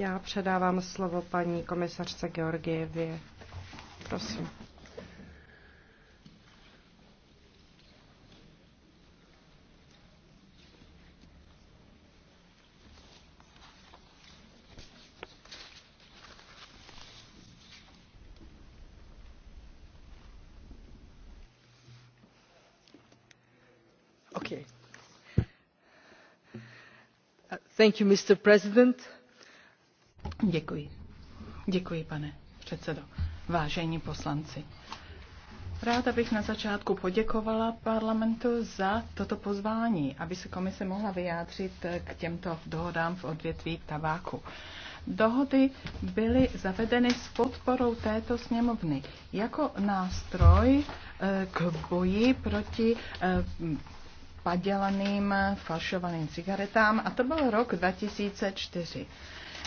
Já předávám slovo paní komisařce Georgievě. Prosím. Uh, thank you, Mr. President. Děkuji. Děkuji, pane předsedo. Vážení poslanci, Ráda bych na začátku poděkovala parlamentu za toto pozvání, aby se komise mohla vyjádřit k těmto dohodám v odvětví tabáku. Dohody byly zavedeny s podporou této sněmovny jako nástroj eh, k boji proti eh, padělaným, falšovaným cigaretám a to byl rok 2004.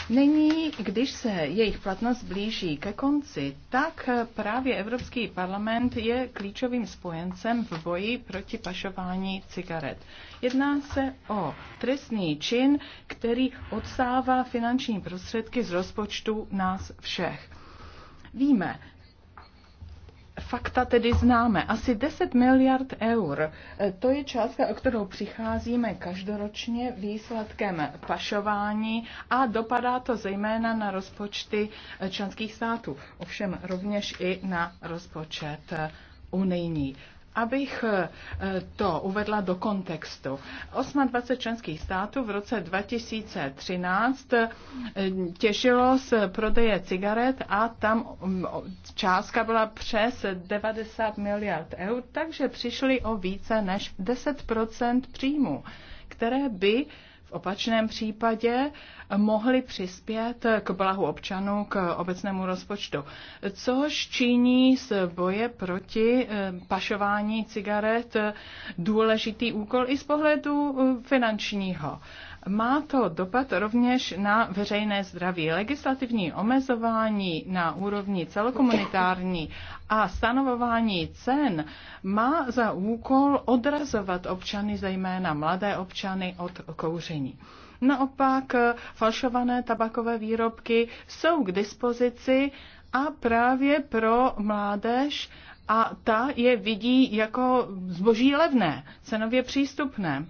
Nyní, když se jejich platnost blíží ke konci, tak právě Evropský parlament je klíčovým spojencem v boji proti pašování cigaret. Jedná se o trestný čin, který odsává finanční prostředky z rozpočtu nás všech. Víme, fakta tedy známe. Asi 10 miliard eur. E, to je částka, o kterou přicházíme každoročně výsledkem pašování a dopadá to zejména na rozpočty e, členských států, ovšem rovněž i na rozpočet e, unijní. Abych eh, to uvedla do kontextu. 28 členských států v roce 2013 eh, těžilo z prodeje cigaret a tam mm, částka byla přes 90 miliard eur, takže přišli o více než 10 příjmu, které by v opačném případě mohli přispět k blahu občanů, k obecnému rozpočtu, což činí z boje proti eh, pašování cigaret důležitý úkol i z pohledu eh, finančního. Má to dopad rovněž na veřejné zdraví. Legislativní omezování na úrovni celokomunitární a stanovování cen má za úkol odrazovat občany, zejména mladé občany, od kouření. Naopak falšované tabakové výrobky jsou k dispozici a právě pro mládež a ta je vidí jako zboží levné, cenově přístupné.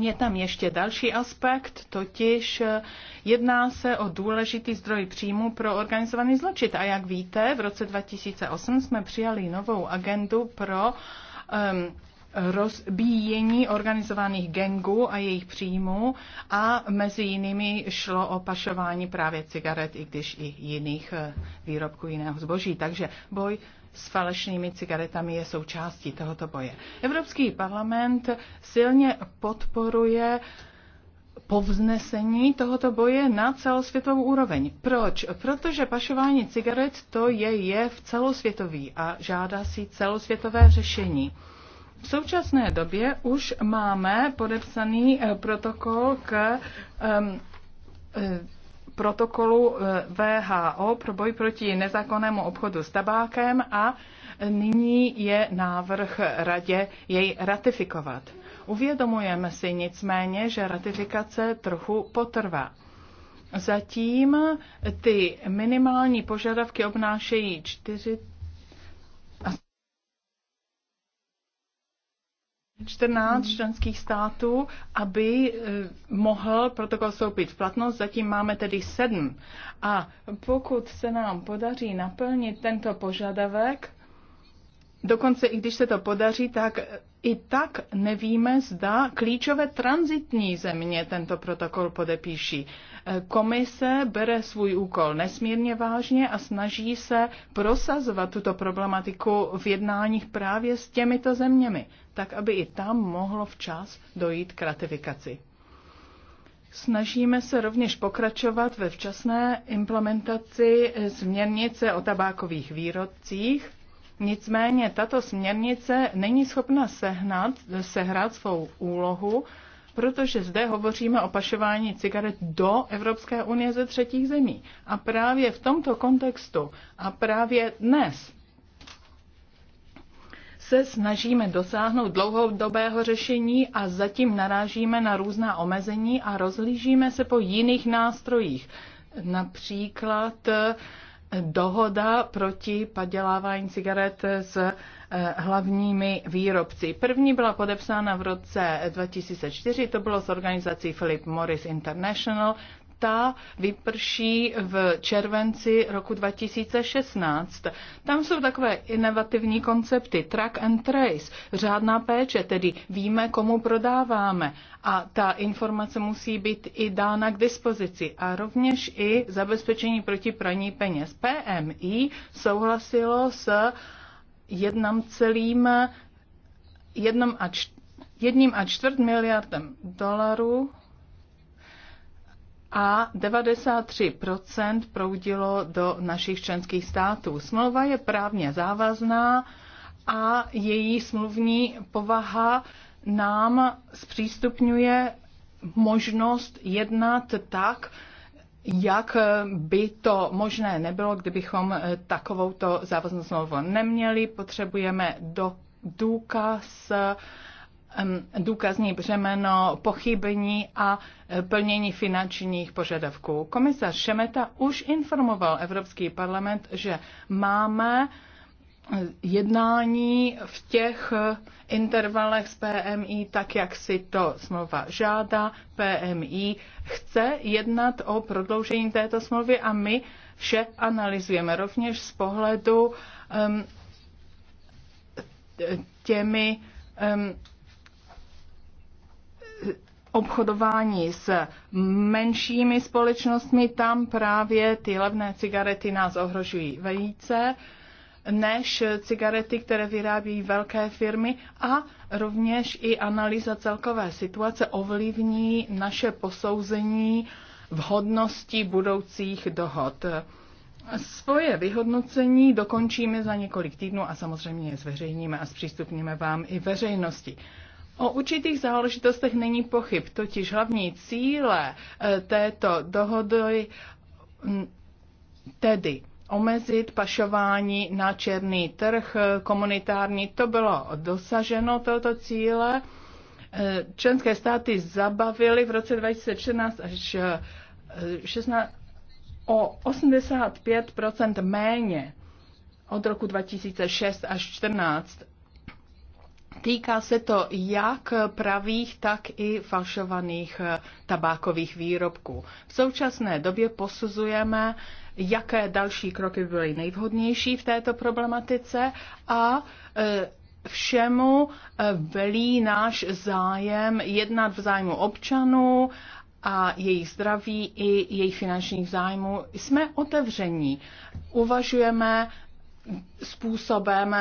Je tam ještě další aspekt, totiž eh, jedná se o důležitý zdroj příjmu pro organizovaný zločin. A jak víte, v roce 2008 jsme přijali novou agendu pro um, rozbíjení organizovaných gangů a jejich příjmů a mezi jinými šlo o pašování právě cigaret, i když i jiných eh, výrobků jiného zboží. Takže boj s falešnými cigaretami je součástí tohoto boje. Evropský parlament silně podporuje povznesení tohoto boje na celosvětovou úroveň. Proč? Protože pašování cigaret to je je v celosvětový a žádá si celosvětové řešení. V současné době už máme podepsaný eh, protokol k um, protokolu eh, VHO pro boj proti nezákonnému obchodu s tabákem a nyní je návrh radě jej ratifikovat. Uvědomujeme si nicméně, že ratifikace trochu potrvá. Zatím ty minimální požadavky obnášejí 40 14 členských států, aby eh, mohl protokol vstoupit v platnost. Zatím máme tedy 7. A pokud se nám podaří naplnit tento požadavek, Dokonce i když se to podaří, tak i tak nevíme, zda klíčové transitní země tento protokol podepíší. Komise bere svůj úkol nesmírně vážně a snaží se prosazovat tuto problematiku v jednáních právě s těmito zeměmi, tak aby i tam mohlo včas dojít k ratifikaci. Snažíme se rovněž pokračovat ve včasné implementaci směrnice o tabákových výrobcích, Nicméně tato směrnice není schopna sehnat, sehrát svou úlohu, protože zde hovoříme o pašování cigaret do Evropské unie ze třetích zemí. A právě v tomto kontextu a právě dnes se snažíme dosáhnout dlouhodobého řešení a zatím narážíme na různá omezení a rozlížíme se po jiných nástrojích. Například dohoda proti padělávání cigaret s eh, hlavními výrobci. První byla podepsána v roce 2004, to bylo s organizací Philip Morris International, ta vyprší v červenci roku 2016. Tam jsou takové inovativní koncepty track and trace, řádná péče, tedy víme, komu prodáváme a ta informace musí být i dána k dispozici a rovněž i zabezpečení proti praní peněz. PMI souhlasilo s 1,1 celým jedním a čtvrt miliardem dolarů a 93% proudilo do našich členských států. Smlouva je právně závazná a její smluvní povaha nám zpřístupňuje možnost jednat tak, jak by to možné nebylo, kdybychom takovouto závaznou smlouvu neměli. Potřebujeme do důkaz důkazní břemeno pochybení a e, plnění finančních požadavků. Komisař Šemeta už informoval Evropský parlament, že máme e, jednání v těch e, intervalech s PMI, tak jak si to smlouva žádá. PMI chce jednat o prodloužení této smlouvy a my vše analyzujeme rovněž z pohledu um, těmi um, obchodování s menšími společnostmi, tam právě ty levné cigarety nás ohrožují velice než cigarety, které vyrábí velké firmy a rovněž i analýza celkové situace ovlivní naše posouzení vhodnosti budoucích dohod. Svoje vyhodnocení dokončíme za několik týdnů a samozřejmě je zveřejníme a zpřístupníme vám i veřejnosti. O určitých záležitostech není pochyb, totiž hlavní cíle eh, této dohody mm, tedy omezit pašování na černý trh eh, komunitární. To bylo dosaženo tohoto cíle. Eh, členské státy zabavily v roce 2014 až 16, o 85 méně od roku 2006 až 14 Týká se to jak pravých, tak i falšovaných eh, tabákových výrobků. V současné době posuzujeme, jaké další kroky byly nejvhodnější v této problematice a eh, všemu eh, velí náš zájem jednat v zájmu občanů a jejich zdraví i jejich finančních zájmů. Jsme otevření. Uvažujeme způsobem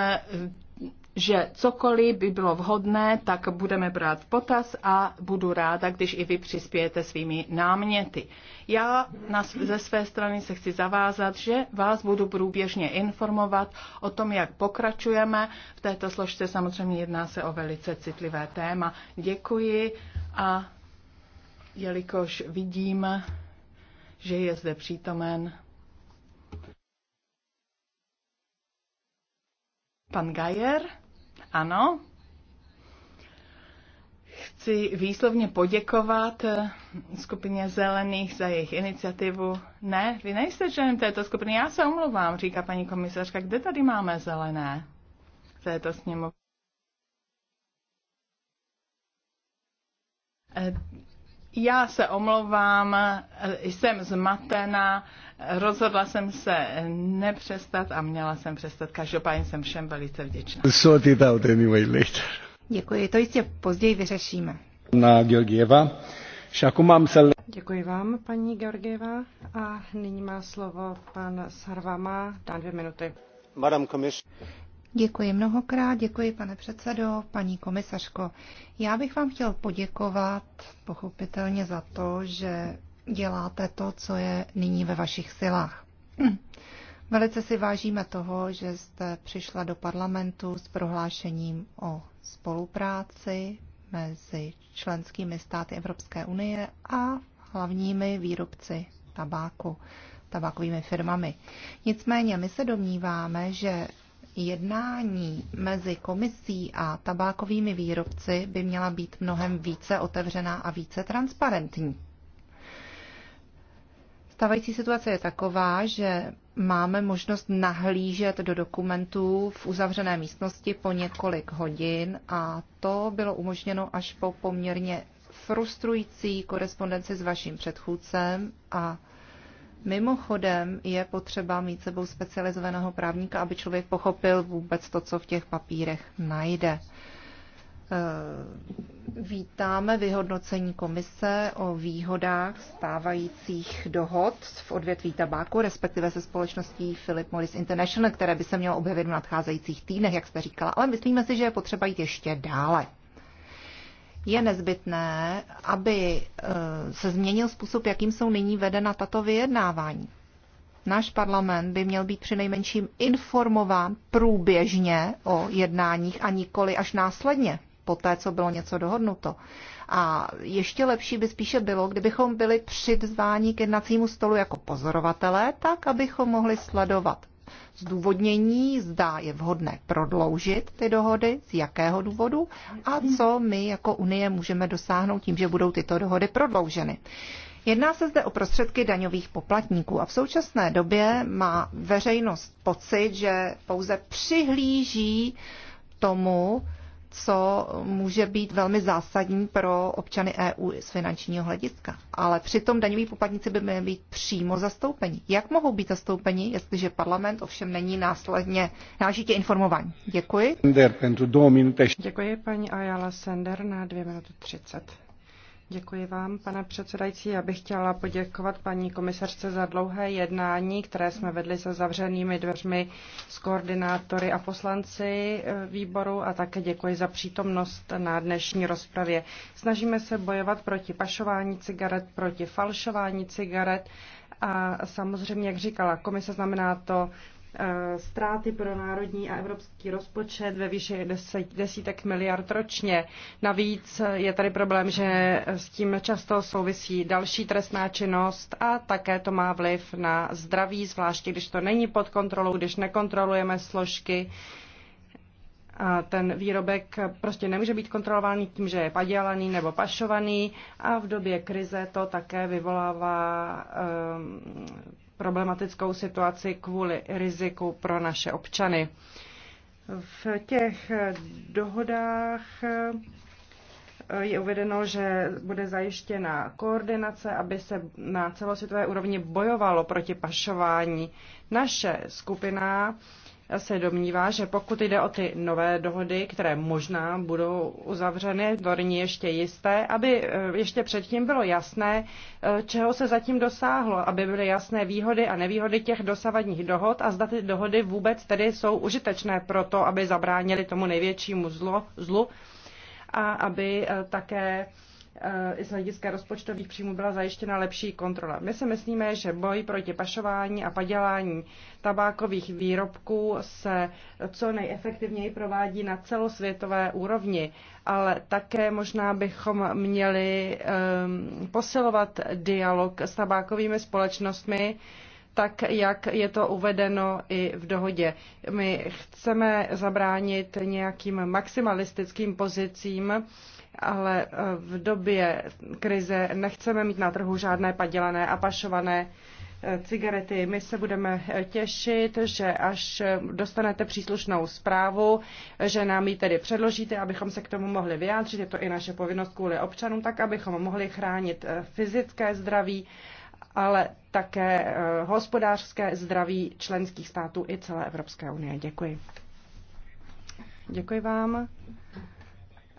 že cokoliv by bylo vhodné, tak budeme brát v potaz a budu ráda, když i vy přispějete svými náměty. Já na, ze své strany se chci zavázat, že vás budu průběžně informovat o tom, jak pokračujeme. V této složce samozřejmě jedná se o velice citlivé téma. Děkuji a jelikož vidím, že je zde přítomen pan Gajer, ano. Chci výslovně poděkovat eh, skupině Zelených za jejich iniciativu. Ne, vy nejste členem této skupiny, já se omlouvám, říká paní komisařka, kde tady máme zelené v této sněmovně. Eh, já se omlouvám, eh, jsem zmatená. Rozhodla jsem se nepřestat a měla jsem přestat. Každopádně jsem všem velice vděčná. Sort it out anyway later. Děkuji, to jistě později vyřešíme. Na Georgieva. Děkuji vám, paní Georgieva. A nyní má slovo pan Sarvama. Dám dvě minuty. Madam Děkuji mnohokrát, děkuji pane předsedo, paní komisařko. Já bych vám chtěl poděkovat pochopitelně za to, že děláte to, co je nyní ve vašich silách. Hm. Velice si vážíme toho, že jste přišla do parlamentu s prohlášením o spolupráci mezi členskými státy Evropské unie a hlavními výrobci tabáku, tabákovými firmami. Nicméně my se domníváme, že jednání mezi komisí a tabákovými výrobci by měla být mnohem více otevřená a více transparentní. Stávající situace je taková, že máme možnost nahlížet do dokumentů v uzavřené místnosti po několik hodin a to bylo umožněno až po poměrně frustrující korespondenci s vaším předchůdcem a mimochodem je potřeba mít sebou specializovaného právníka, aby člověk pochopil vůbec to, co v těch papírech najde. Eh, vítáme vyhodnocení komise o výhodách stávajících dohod v odvětví tabáku, respektive se společností Philip Morris International, které by se mělo objevit v nadcházejících týdnech, jak jste říkala, ale myslíme si, že je potřeba jít ještě dále. Je nezbytné, aby eh, se změnil způsob, jakým jsou nyní vedena tato vyjednávání. Náš parlament by měl být přinejmenším informován průběžně o jednáních a nikoli až následně po té, co bylo něco dohodnuto. A ještě lepší by spíše bylo, kdybychom byli přizváni k jednacímu stolu jako pozorovatelé, tak abychom mohli sledovat zdůvodnění, zda je vhodné prodloužit ty dohody, z jakého důvodu a co my jako Unie můžeme dosáhnout tím, že budou tyto dohody prodlouženy. Jedná se zde o prostředky daňových poplatníků a v současné době má veřejnost pocit, že pouze přihlíží tomu, co může být velmi zásadní pro občany EU z finančního hlediska. Ale přitom daňoví poplatníci by měli být přímo zastoupeni. Jak mohou být zastoupeni, jestliže parlament ovšem není následně nážitě informován? Děkuji. Děkuji paní Ayala Sender na 2 minuty 30. Děkuji vám, pane předsedající. Já bych chtěla poděkovat paní komisařce za dlouhé jednání, které jsme vedli se zavřenými dveřmi s koordinátory a poslanci e, výboru a také děkuji za přítomnost na dnešní rozpravě. Snažíme se bojovat proti pašování cigaret, proti falšování cigaret a samozřejmě, jak říkala komise, znamená to Eh, ztráty pro národní a evropský rozpočet ve výši desítek miliard ročně. Navíc je tady problém, že s tím často souvisí další trestná činnost a také to má vliv na zdraví, zvláště když to není pod kontrolou, když nekontrolujeme složky. A ten výrobek prostě nemůže být kontrolovaný tím, že je padělaný nebo pašovaný a v době krize to také vyvolává um, problematickou situaci kvůli riziku pro naše občany. V těch dohodách eh, je uvedeno, že bude zajištěna koordinace, aby se na celosvětové úrovni bojovalo proti pašování. Naše skupina se domnívá, že pokud jde o ty nové dohody, které možná budou uzavřeny, to není ještě jisté, aby eh, ještě předtím bylo jasné, eh, čeho se zatím dosáhlo, aby byly jasné výhody a nevýhody těch dosavadních dohod a zda ty dohody vůbec tedy jsou užitečné pro to, aby zabránili tomu největšímu zlo, zlu a aby eh, také Eh, i z hlediska rozpočtových příjmů byla zajištěna lepší kontrola. My si myslíme, že boj proti pašování a padělání tabákových výrobků se co nejefektivněji provádí na celosvětové úrovni, ale také možná bychom měli um, posilovat dialog s tabákovými společnostmi, tak jak je to uvedeno i v dohodě. My chceme zabránit nějakým maximalistickým pozicím, ale eh, v době krize nechceme mít na trhu žádné padělané a pašované eh, cigarety. My se budeme eh, těšit, že až dostanete příslušnou zprávu, že nám ji tedy předložíte, abychom se k tomu mohli vyjádřit. Je to i naše povinnost kvůli občanům, tak abychom mohli chránit fyzické zdraví, ale také hospodářské zdraví členských států i celé Evropské unie. Děkuji. Děkuji vám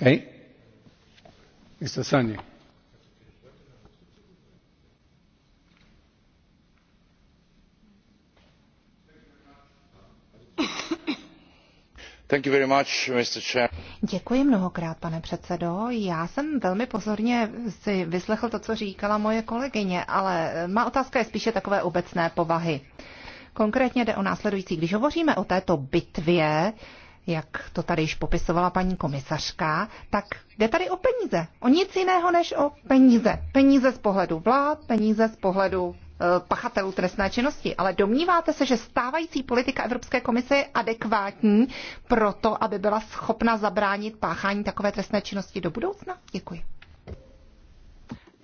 Okay. Mr. Děkuji mnohokrát, pane předsedo. Já jsem velmi pozorně si vyslechl to, co říkala moje kolegyně, ale má otázka je spíše takové obecné povahy. Konkrétně jde o následující. Když hovoříme o této bitvě, jak to tady již popisovala paní komisařka, tak jde tady o peníze. O nic jiného než o peníze. Peníze z pohledu vlád, peníze z pohledu e, pachatelů trestné činnosti. Ale domníváte se, že stávající politika Evropské komise je adekvátní pro to, aby byla schopna zabránit páchání takové trestné činnosti do budoucna? Děkuji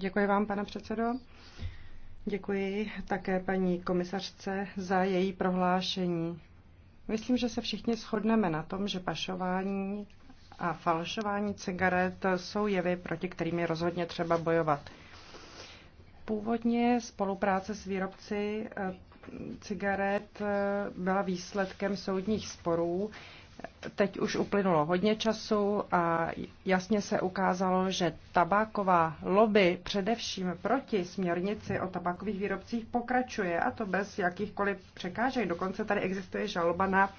Děkuji vám, pane předsedající Děkuji také paní komisařce za její prohlášení. Myslím, že se všichni shodneme na tom, že pašování a falšování cigaret jsou jevy, proti kterým je rozhodně třeba bojovat. Původně spolupráce s výrobci eh, cigaret eh, byla výsledkem soudních sporů, teď už uplynulo hodně času a jasně se ukázalo, že tabáková lobby především proti směrnici o tabákových výrobcích pokračuje a to bez jakýchkoliv překážek. Dokonce tady existuje žaloba na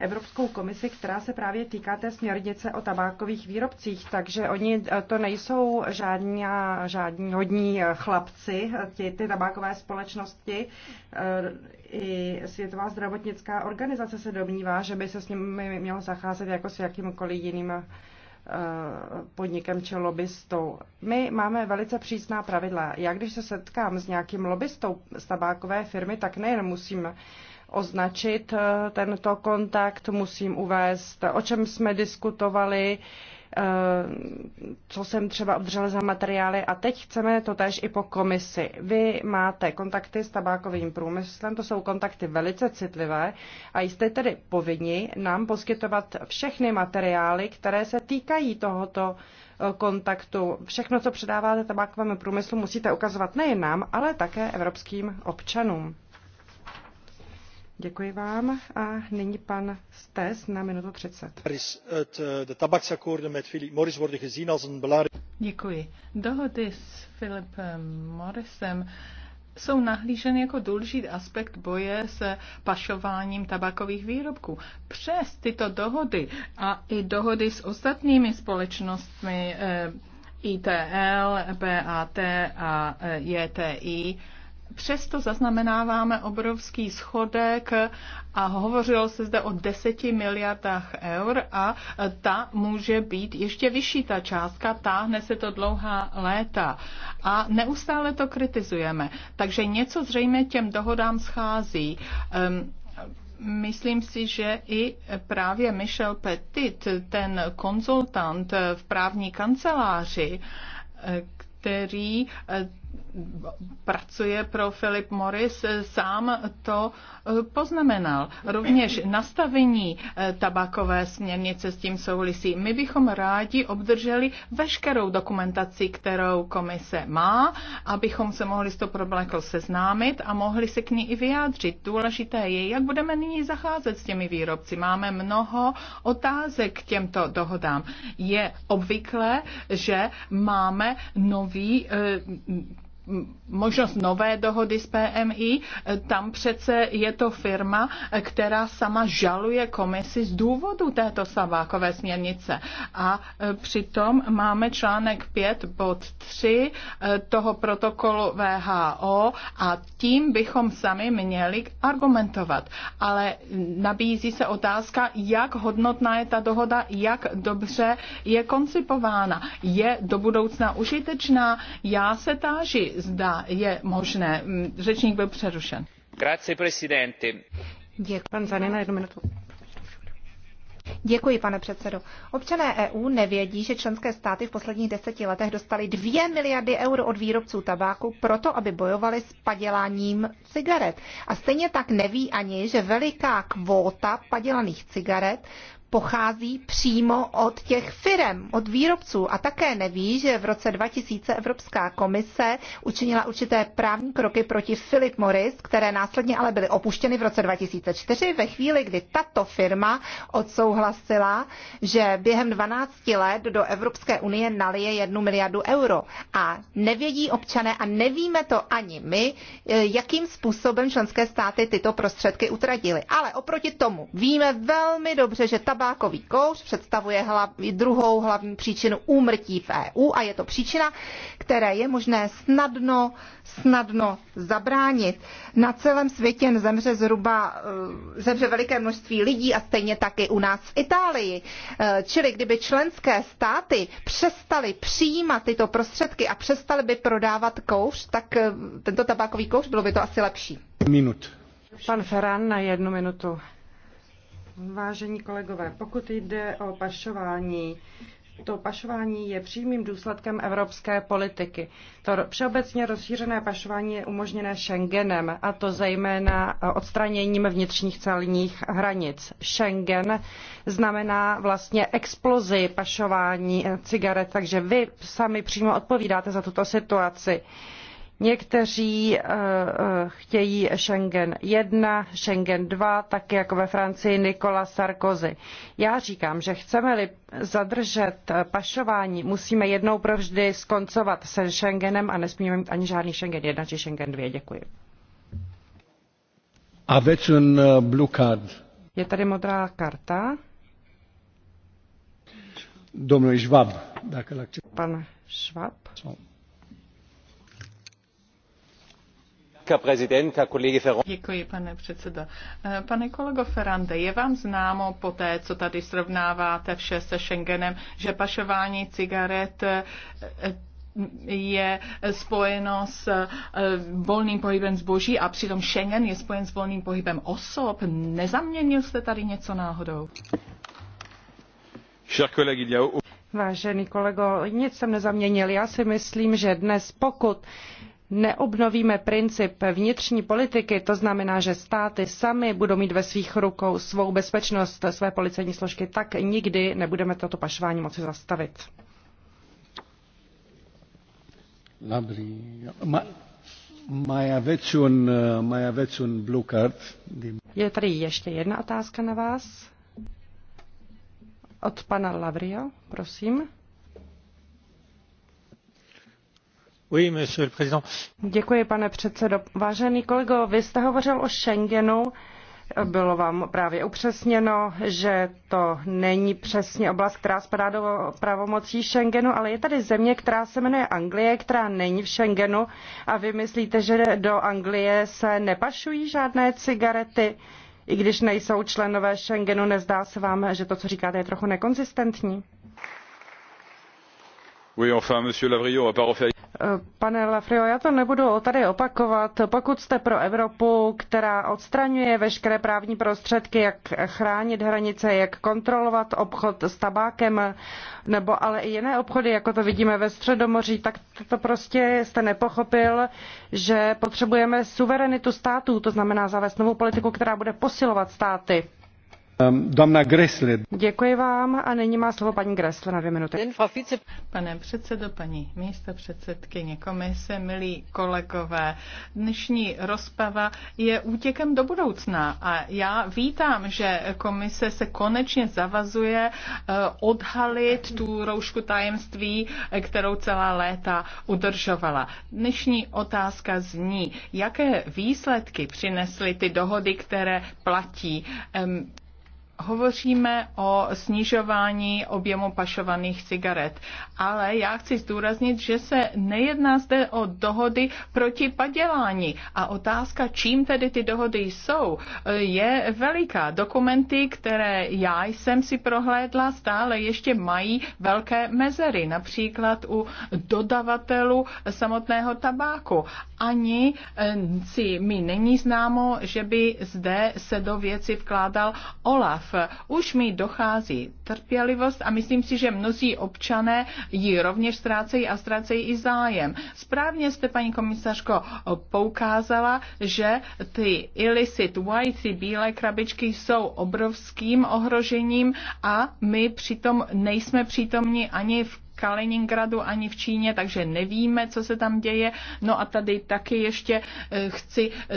Evropskou komisi, která se právě týká té směrnice o tabákových výrobcích, takže oni eh, to nejsou žádní, eh, žádní hodní eh, chlapci, ty, ty tabákové společnosti. I Světová zdravotnická organizace se domnívá, že by se s nimi mělo zacházet jako s jakýmkoliv jiným podnikem či lobbystou. My máme velice přísná pravidla. Já když se setkám s nějakým lobbystou z tabákové firmy, tak nejen musím označit eh, tento kontakt, musím uvést, o čem jsme diskutovali, eh, co jsem třeba obdržel za materiály a teď chceme to též i po komisi. Vy máte kontakty s tabákovým průmyslem, to jsou kontakty velice citlivé a jste tedy povinni nám poskytovat všechny materiály, které se týkají tohoto eh, kontaktu. Všechno, co předáváte tabákovému průmyslu, musíte ukazovat nejen nám, ale také evropským občanům. Děkuji vám. A nyní pan Stes na minutu 30. Eh, eh, Děkuji. Dohody s Philipem eh, Morrisem jsou nahlíženy jako důležitý aspekt boje s pašováním tabakových výrobků. Přes tyto dohody a i dohody s ostatními společnostmi ITL, BAT a JTI Přesto zaznamenáváme obrovský schodek a hovořilo se zde o deseti miliardách eur a ta může být ještě vyšší ta částka, táhne se to dlouhá léta a neustále to kritizujeme. Takže něco zřejmě těm dohodám schází. Um, Myslím si, že i právě Michel Petit, ten konzultant v právní kanceláři, eh, který eh, pracuje pro Philip Morris, eh, sám to eh, poznamenal. Rovněž nastavení eh, tabakové směrnice s tím souvisí. My bychom rádi obdrželi veškerou dokumentaci, kterou komise má, abychom se mohli s to problémem seznámit a mohli se k ní i vyjádřit. Důležité je, jak budeme nyní zacházet s těmi výrobci. Máme mnoho otázek k těmto dohodám. Je obvyklé, že máme nový možnost nové dohody s PMI. Tam přece je to firma, která sama žaluje komisi z důvodu této savákové směrnice. A e, přitom máme článek 5 bod 3 e, toho protokolu VHO a tím bychom sami měli argumentovat. Ale nabízí se otázka, jak hodnotná je ta dohoda, jak dobře je koncipována. Je do budoucna užitečná? Já se táži, zda je možné. Mm, řečník byl přerušen. Grazie, presidente. Děkuji. pane předsedo. Občané EU nevědí, že členské státy v posledních deseti letech dostali 2 miliardy euro od výrobců tabáku proto, aby bojovali s paděláním cigaret. A stejně tak neví ani, že veliká kvóta padělaných cigaret pochází přímo od těch firm, od výrobců. A také neví, že v roce 2000 Evropská komise učinila určité právní kroky proti Philip Morris, které následně ale byly opuštěny v roce 2004, ve chvíli, kdy tato firma odsouhlasila, že během 12 let do Evropské unie nalije jednu miliardu euro. A nevědí občané a nevíme to ani my, eh, jakým způsobem členské státy tyto prostředky utratily. Ale oproti tomu víme velmi dobře, že ta tabákový kouř představuje hlav, druhou hlavní příčinu úmrtí v EU a je to příčina, které je možné snadno, snadno zabránit. Na celém světě zemře zhruba eh, zemře veliké množství lidí a stejně taky u nás v Itálii. Eh, čili kdyby členské státy přestaly přijímat tyto prostředky a přestaly by prodávat kouř, tak eh, tento tabákový kouř bylo by to asi lepší. Minut. Pan Ferran na jednu minutu. Vážení kolegové, pokud jde o pašování, to pašování je přímým důsledkem evropské politiky. To všeobecně rozšířené pašování je umožněné Schengenem, a to zejména e, odstraněním vnitřních celních hranic. Schengen znamená vlastně explozi pašování e, cigaret, takže vy sami přímo odpovídáte za tuto situaci. Uh, Někteří eh, eh, chtějí Schengen 1, Schengen 2, tak jako ve Francii Nicolas Sarkozy. Já říkám, že chceme-li zadržet eh, pašování, musíme jednou provždy skoncovat se Schengenem a nesmíme mít ani žádný Schengen 1 či Schengen 2. Děkuji. A blue card. Je tady modrá karta. Domnul Schwab, dacă l Pan Schwab. So. Děkuji, pane předsedo. Eh, pane kolego Ferrande, je vám známo po té, co tady srovnáváte vše se Schengenem, že pašování cigaret eh, je spojeno s eh, volným pohybem zboží a přitom Schengen je spojen s volným pohybem osob. Nezaměnil jste tady něco náhodou? Vážený kolego, nic jsem nezaměnil. Já si myslím, že dnes pokud neobnovíme princip vnitřní politiky, to znamená, že státy sami budou mít ve svých rukou svou bezpečnost, své policejní složky, tak nikdy nebudeme toto pašování moci zastavit. Je tady ještě jedna otázka na vás. Od pana Lavrio, prosím. Děkuji, pane předsedající Vážený kolego, vy jste hovořil o Schengenu. Bylo vám právě upřesněno, že to není přesně oblast, která spadá do pravomocí Schengenu, ale je tady země, která se jmenuje Anglie, která není v Schengenu a vy myslíte, že do Anglie se nepašují žádné cigarety, i když nejsou členové Schengenu, nezdá se vám, že to, co říkáte, je trochu nekonzistentní? monsieur Pane Lafrio, já to nebudu tady opakovat. Pokud jste pro Evropu, která odstraňuje veškeré právní prostředky, jak chránit hranice, jak kontrolovat obchod s tabákem, nebo ale i jiné obchody, jako to vidíme ve Středomoří, tak to prostě jste nepochopil, že potřebujeme suverenitu států, to znamená zavést novou politiku, která bude posilovat státy. Ehm, Domna Gressle. Děkuji vám a nyní má slovo paní Gressle na dvě minuty. Pane předsedo, paní místo předsedkyně komise, milí kolegové, dnešní rozpava je útěkem do budoucna a já vítám, že komise se konečně zavazuje eh, odhalit tu roušku tajemství, eh, kterou celá léta udržovala. Dnešní otázka zní, jaké výsledky přinesly ty dohody, které platí. Ehm, Hovoříme o snižování objemu pašovaných cigaret, ale já chci zdůraznit, že se nejedná zde o dohody proti padělání a otázka, čím tedy ty dohody jsou, je veliká. Dokumenty, které já jsem si prohlédla, stále ještě mají velké mezery, například u dodavatelů samotného tabáku. Ani eh, si mi není známo, že by zde se do věci vkládal OLAF už mi dochází trpělivost a myslím si, že mnozí občané ji rovněž ztrácejí a ztrácejí i zájem. Správně jste, paní komisařko, poukázala, že ty illicit white, ty bílé krabičky jsou obrovským ohrožením a my přitom nejsme přítomni ani v Kaliningradu ani v Číně, takže nevíme, co se tam děje. No a tady taky ještě eh, chci eh,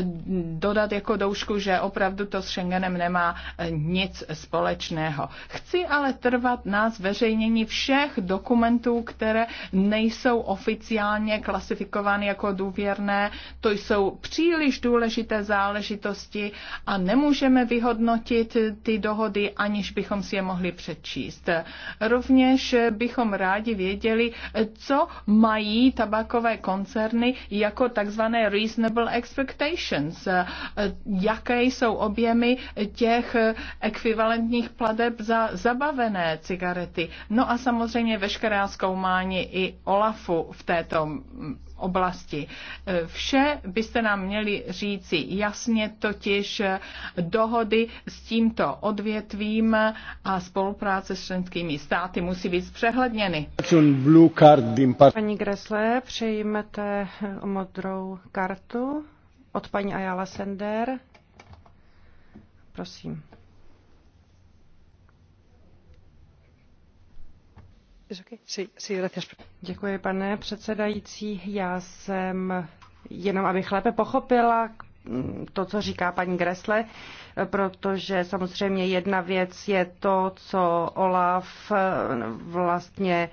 dodat jako doušku, že opravdu to s Schengenem nemá eh, nic společného. Chci ale trvat na zveřejnění všech dokumentů, které nejsou oficiálně klasifikovány jako důvěrné. To jsou příliš důležité záležitosti a nemůžeme vyhodnotit ty dohody, aniž bychom si je mohli přečíst. Rovněž bychom rádi věděli, co mají tabakové koncerny jako takzvané reasonable expectations, jaké jsou objemy těch ekvivalentních pladeb za zabavené cigarety. No a samozřejmě veškerá zkoumání i OLAFu v této oblasti. Eh, vše byste nám měli říci jasně, totiž eh, dohody s tímto odvětvím eh, a spolupráce s členskými státy musí být zpřehledněny. Paní Gresle, přejmete modrou kartu od paní Ayala Sender. Prosím. pane předsedající. Já jsem, jenom abych lépe pochopila to, co říká paní Gresle, protože samozřejmě jedna věc je to, co Olaf vlastně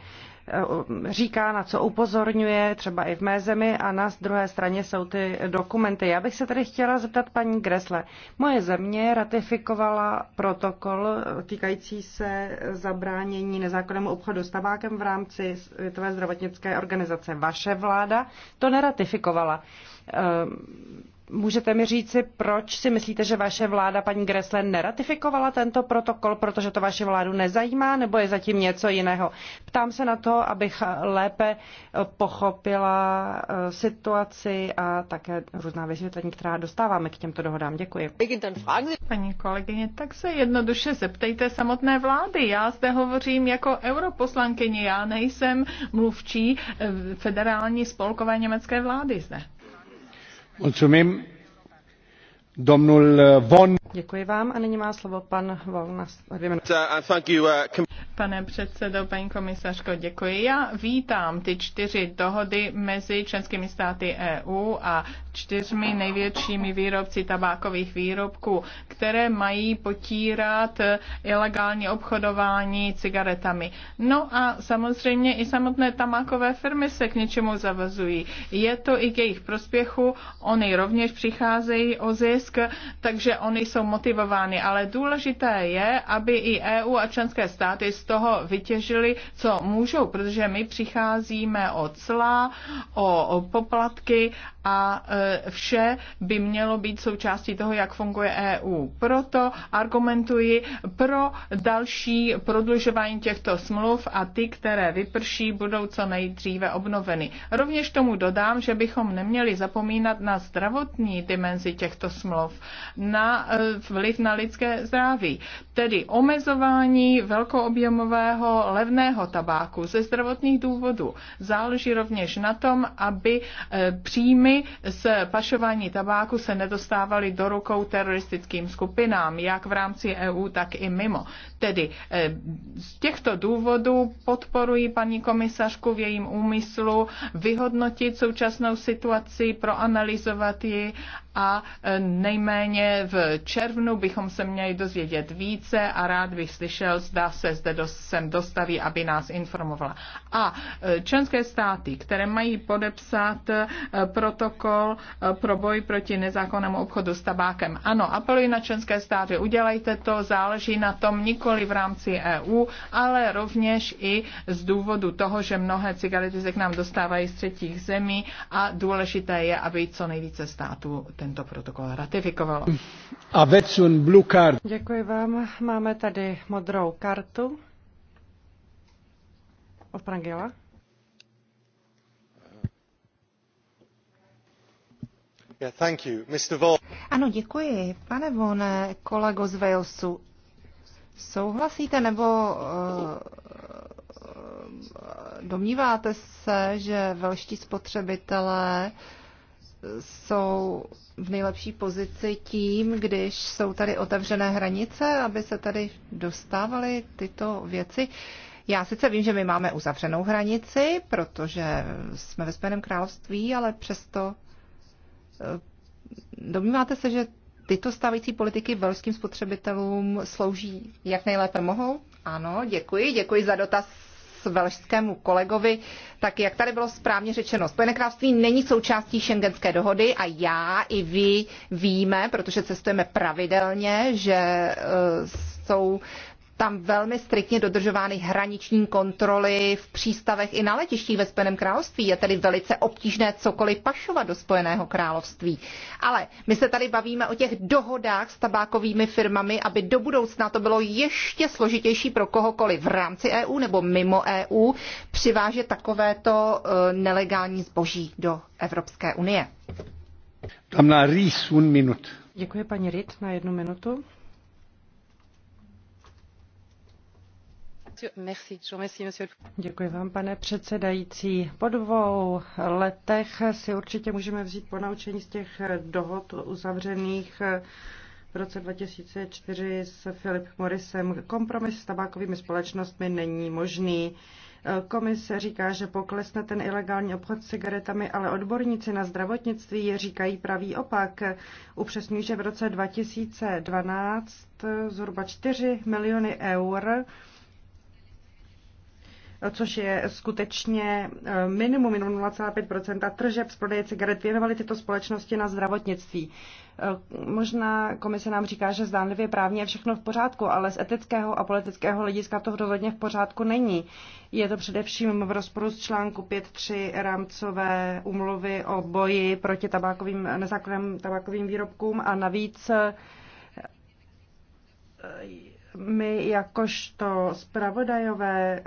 Eh, říká, na co upozorňuje, třeba i v mé zemi, a na druhé straně jsou ty dokumenty. Já bych se tady chtěla zeptat paní Gresle. Moje země ratifikovala protokol týkající se zabránění nezákonnému obchodu s tabákem v rámci Světové zdravotnické organizace. Vaše vláda to neratifikovala. Ehm, Můžete mi říci, proč si myslíte, že vaše vláda, paní Gressle, neratifikovala tento protokol, protože to vaše vládu nezajímá, nebo je zatím něco jiného? Ptám se na to, abych lépe pochopila eh, situaci a také různá vysvětlení, která dostáváme k těmto dohodám. Děkuji. Paní kolegyně, tak se jednoduše zeptejte samotné vlády. Já zde hovořím jako europoslankyně, já nejsem mluvčí eh, federální spolkové německé vlády zde. Eh, děkuji vám a pan uh, uh, Pane předsedající paní komisařko, děkuji. Já vítám ty čtyři dohody mezi členskými státy EU a čtyřmi největšími výrobci tabákových výrobků, které mají potírat eh, ilegální obchodování cigaretami. No a samozřejmě i samotné tabákové firmy se k něčemu zavazují. Je to i k jejich prospěchu, oni rovněž přicházejí o zisk, takže oni jsou motivovány. Ale důležité je, aby i EU a členské státy z toho vytěžili, co můžou, protože my přicházíme o cla, o poplatky a Eh, vše by mělo být součástí toho, jak funguje EU. Proto argumentuji pro další prodlužování těchto smluv a ty, které vyprší, budou co nejdříve obnoveny. Rovněž tomu dodám, že bychom neměli zapomínat na zdravotní dimenzi těchto smluv, na eh, vliv na lidské zdraví, tedy omezování velkoobjemového levného tabáku ze zdravotních důvodů. Záleží rovněž na tom, aby eh, příjmy z pašování tabáku se nedostávaly do rukou teroristickým skupinám, jak v rámci EU, tak i mimo. Tedy eh, z těchto důvodů podporuji paní komisařku v jejím úmyslu vyhodnotit současnou situaci, proanalyzovat ji a e, nejméně v červnu bychom se měli dozvědět více a rád bych slyšel, zda se zde sem dostaví, aby nás informovala. A e, členské státy, které mají podepsat e, protokol pro boj proti nezákonnému obchodu s tabákem. Ano, apeluji na členské státy, udělejte to, záleží na tom nikoli v rámci EU, ale rovněž i z důvodu toho, že mnohé cigarety se k nám dostávají z třetích zemí a důležité je, aby co nejvíce států tento protokol ratifikovalo. Mm. A vecun blue card. Děkuji vám. Máme tady modrou kartu. Od Prangela. Yeah, thank you. Mr. Vol- ano, děkuji. Pane Vone, kolego z Walesu, souhlasíte nebo uh, domníváte se, že velští spotřebitelé uh, jsou v nejlepší pozici tím, když jsou tady otevřené hranice, aby se tady dostávaly tyto věci. Já sice vím, že my máme uzavřenou hranici, protože jsme ve Spojeném království, ale přesto eh, domníváte se, že tyto stávající politiky velským spotřebitelům slouží jak nejlépe mohou? Ano, děkuji, děkuji za dotaz velšskému kolegovi, tak jak tady bylo správně řečeno, Spojené království není součástí šengenské dohody a já i vy víme, protože cestujeme pravidelně, že eh, jsou tam velmi striktně dodržovány hraniční kontroly v přístavech i na letištích ve Spojeném království. Je tedy velice obtížné cokoliv pašovat do Spojeného království. Ale my se tady bavíme o těch dohodách s tabákovými firmami, aby do budoucna to bylo ještě složitější pro kohokoliv v rámci EU nebo mimo EU přivážet takovéto e, nelegální zboží do Evropské unie. Tam na Rýs, un minut. Děkuji paní Rit na jednu minutu. Děkuji vám, pane předsedající. Po dvou letech si určitě můžeme vzít ponaučení z těch dohod uzavřených v roce 2004 s Filip Morisem. Kompromis s tabákovými společnostmi není možný. Komise říká, že poklesne ten ilegální obchod s cigaretami, ale odborníci na zdravotnictví říkají pravý opak. Upřesňují, že v roce 2012 zhruba 4 miliony eur což je skutečně eh, minimum, minimum 0,5 tržeb z prodeje cigaret, věnovaly tyto společnosti na zdravotnictví. Eh, možná komise nám říká, že zdánlivě právně je všechno v pořádku, ale z etického a politického hlediska to rozhodně v pořádku není. Je to především v rozporu s článku 5.3 rámcové umluvy o boji proti tabákovým, nezákonným tabákovým výrobkům a navíc eh, my jakožto zpravodajové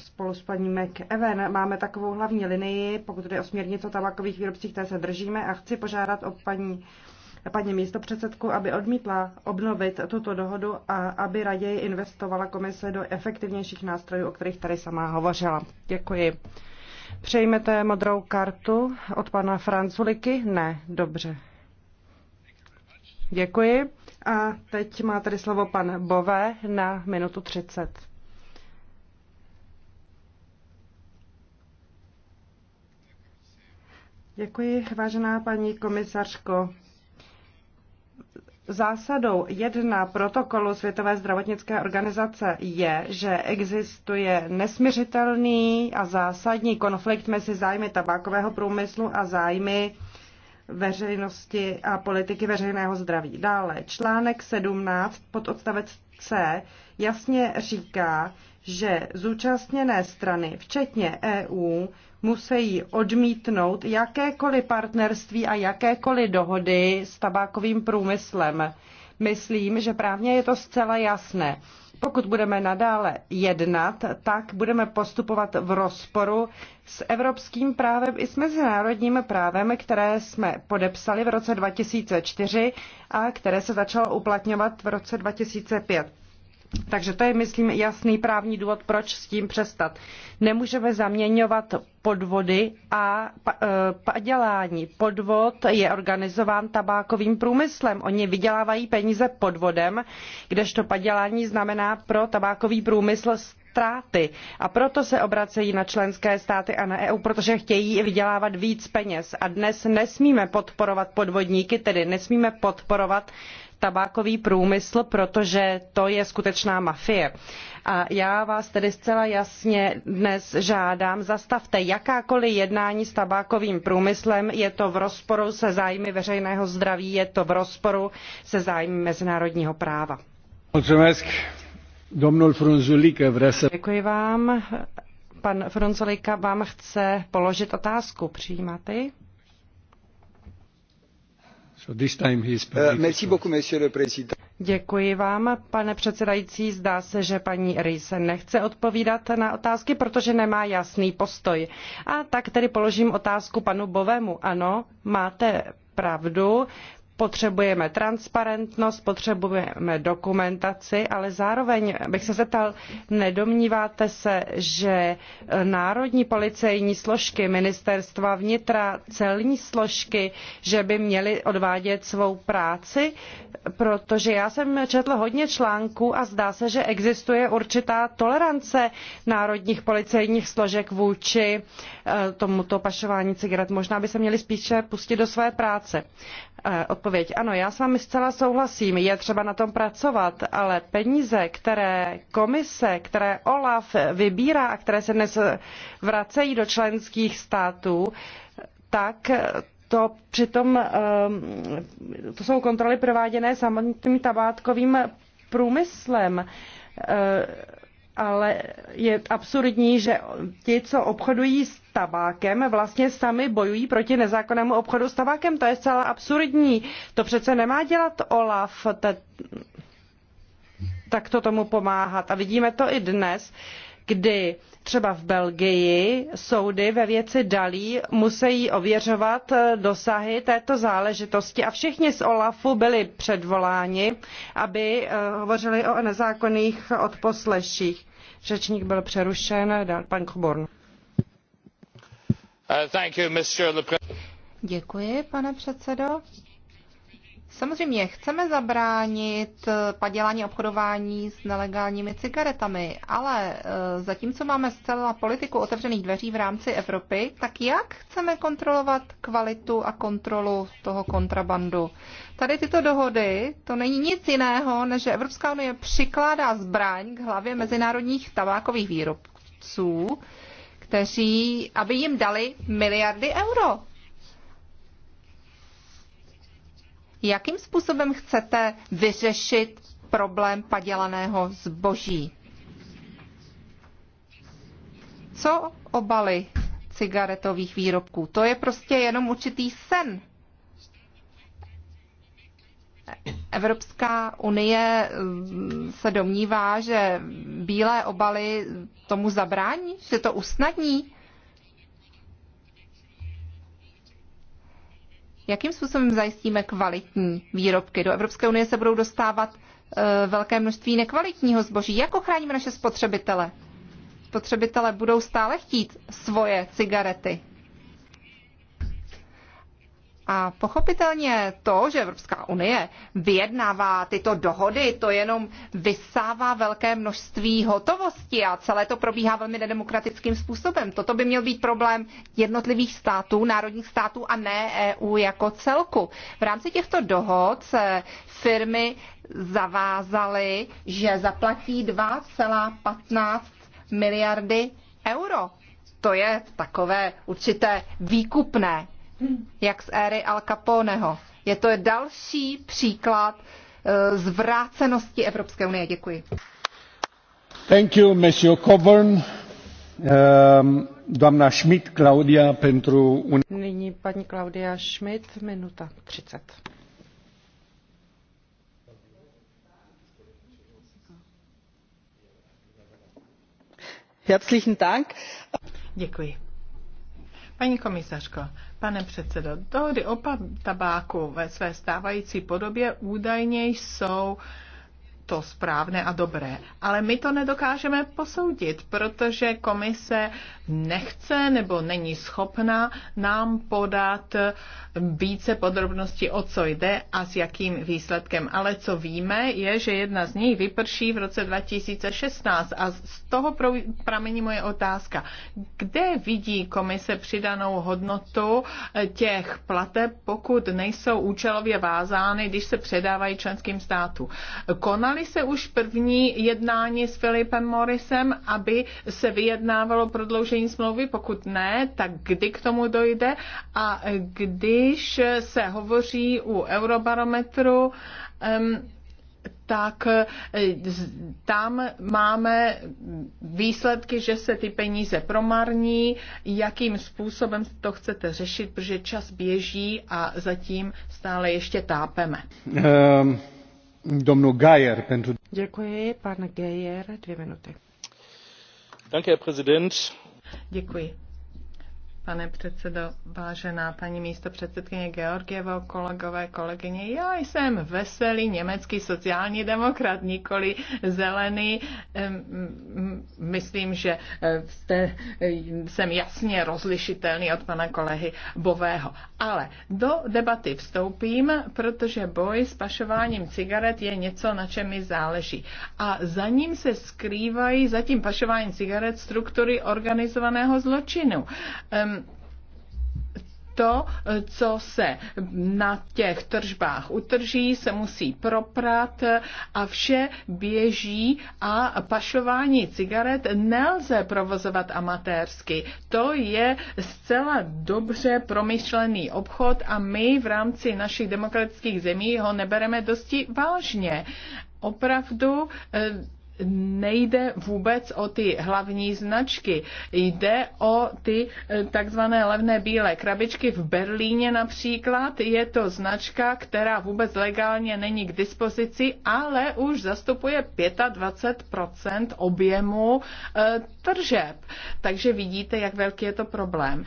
spolu s paní McEwen máme takovou hlavní linii, pokud jde o směrnice o tabakových výrobcích, které se držíme a chci požádat o paní paní místopředsedku, aby odmítla obnovit tuto dohodu a aby raději investovala komise do efektivnějších nástrojů, o kterých tady sama hovořila. Děkuji. Přejmete modrou kartu od pana Franculiky? Ne, dobře. Děkuji. A teď má tady slovo pan Bové na minutu 30. Děkuji, vážená paní komisařko. Zásadou jedna protokolu Světové zdravotnické organizace je, že existuje nesměřitelný a zásadní konflikt mezi zájmy tabákového průmyslu a zájmy veřejnosti a politiky veřejného zdraví. Dále článek 17 pod odstavec C jasně říká, že zúčastněné strany, včetně EU, musí odmítnout jakékoliv partnerství a jakékoliv dohody s tabákovým průmyslem. Myslím, že právně je to zcela jasné. Pokud budeme nadále jednat, tak budeme postupovat v rozporu s evropským právem i s mezinárodním právem, které jsme podepsali v roce 2004 a které se začalo uplatňovat v roce 2005. Takže to je, myslím, jasný právní důvod, proč s tím přestat. Nemůžeme zaměňovat podvody a e, padělání. Podvod je organizován tabákovým průmyslem. Oni vydělávají peníze podvodem, kdežto padělání znamená pro tabákový průmysl ztráty. A proto se obracejí na členské státy a na EU, protože chtějí vydělávat víc peněz. A dnes nesmíme podporovat podvodníky, tedy nesmíme podporovat tabákový průmysl, protože to je skutečná mafie. A já vás tedy zcela jasně dnes žádám, zastavte jakákoliv jednání s tabákovým průmyslem, je to v rozporu se zájmy veřejného zdraví, je to v rozporu se zájmy mezinárodního práva. Děkuji vám. Pan Frunzulíka, vám chce položit otázku. Přijímáte ji? Eh, Děkuji vám, pane předsedající. Zdá se, že paní Rejse nechce odpovídat na otázky, protože nemá jasný postoj. A tak tedy položím otázku panu Bovému. Ano, máte pravdu potřebujeme transparentnost, potřebujeme dokumentaci, ale zároveň bych se zeptal, nedomníváte se, že národní policejní složky, ministerstva vnitra, celní složky, že by měly odvádět svou práci? Protože já jsem četl hodně článků a zdá se, že existuje určitá tolerance národních policejních složek vůči eh, tomuto pašování cigaret. Možná by se měli spíše pustit do své práce. Eh, odpověď. Ano, já s vámi zcela souhlasím, je třeba na tom pracovat, ale peníze, které komise, které OLAF vybírá a které se dnes vracejí do členských států, tak to přitom ehm, to jsou kontroly prováděné samotným tabátkovým průmyslem eh, ale je absurdní, že ti, co obchodují s tabákem, vlastně sami bojují proti nezákonnému obchodu s tabákem. To je zcela absurdní. To přece nemá dělat OLAF, te... tak to tomu pomáhat. A vidíme to i dnes, kdy třeba v Belgii soudy ve věci Dalí musí ověřovat dosahy této záležitosti a všichni z OLAFu byli předvoláni, aby eh, hovořili o nezákonných odposleších. Řečník byl přerušen, dal pan Kuborn. Uh, Děkuji, pane předsedo. Samozřejmě chceme zabránit eh, padělání obchodování s nelegálními cigaretami, ale eh, zatímco máme zcela politiku otevřených dveří v rámci Evropy, tak jak chceme kontrolovat kvalitu a kontrolu toho kontrabandu? Tady tyto dohody, to není nic jiného, než že Evropská unie přikládá zbraň k hlavě mezinárodních tabákových výrobců, kteří, aby jim dali miliardy euro. jakým způsobem chcete vyřešit problém padělaného zboží. Co obaly cigaretových výrobků? To je prostě jenom určitý sen. Evropská unie mm, se domnívá, že bílé obaly tomu zabrání, že to usnadní Jakým způsobem zajistíme kvalitní výrobky? Do Evropské unie se budou dostávat eh, velké množství nekvalitního zboží. Jak ochráníme naše spotřebitele? Spotřebitele budou stále chtít svoje cigarety. A pochopitelně to, že Evropská unie vyjednává tyto dohody, to jenom vysává velké množství hotovosti a celé to probíhá velmi nedemokratickým způsobem. Toto by měl být problém jednotlivých států, národních států a ne EU jako celku. V rámci těchto dohod se firmy zavázaly, že zaplatí 2,15 miliardy euro. To je takové určité výkupné jak z éry Al Caponeho. Je to další příklad eh, zvrácenosti Evropské unie. Děkuji. Thank you, Monsieur Coburn. Um, ehm, Dámna Schmidt, Claudia, pentru un... Nyní paní Claudia Schmidt, minuta 30. Herzlichen Dank. Děkuji. Paní komisařko, Pane předsedo, dohody o tabáku ve své stávající podobě údajně jsou to správné a dobré. Ale my to nedokážeme posoudit, protože komise nechce nebo není schopna nám podat více podrobností, o co jde a s jakým výsledkem. Ale co víme, je, že jedna z nich vyprší v roce 2016 a z toho pramení moje otázka. Kde vidí komise přidanou hodnotu eh, těch plateb, pokud nejsou účelově vázány, když se předávají členským státům? Konali Konaly se už první jednání s Filipem Morisem, aby se vyjednávalo prodloužení smlouvy? Pokud ne, tak kdy k tomu dojde? A když se hovoří u Eurobarometru, um, tak eh, tam máme výsledky, že se ty peníze promarní, jakým způsobem to chcete řešit, protože čas běží a zatím stále ještě tápeme. Um. Domnul Geier, Děkuji, dvě minuty. Herr Präsident. Děkuji pane předsedo, vážená paní místo předsedkyně Georgievo, kolegové, kolegyně. Já jsem veselý německý sociální demokrat, nikoli zelený. Myslím, že eh, jste, eh, jsem jasně rozlišitelný od pana kolegy Bového. Ale do debaty vstoupím, protože boj s pašováním cigaret je něco, na čem mi záleží. A za ním se skrývají, za tím pašováním cigaret, struktury organizovaného zločinu. Um, to, co se na těch tržbách utrží, se musí proprat a vše běží a pašování cigaret nelze provozovat amatérsky. To je zcela dobře promyšlený obchod a my v rámci našich demokratických zemí ho nebereme dosti vážně. Opravdu eh, nejde vůbec o ty hlavní značky. Jde o ty eh, takzvané levné bílé krabičky. V Berlíně například je to značka, která vůbec legálně není k dispozici, ale už zastupuje 25% objemu eh, tržeb. Takže vidíte, jak velký je to problém.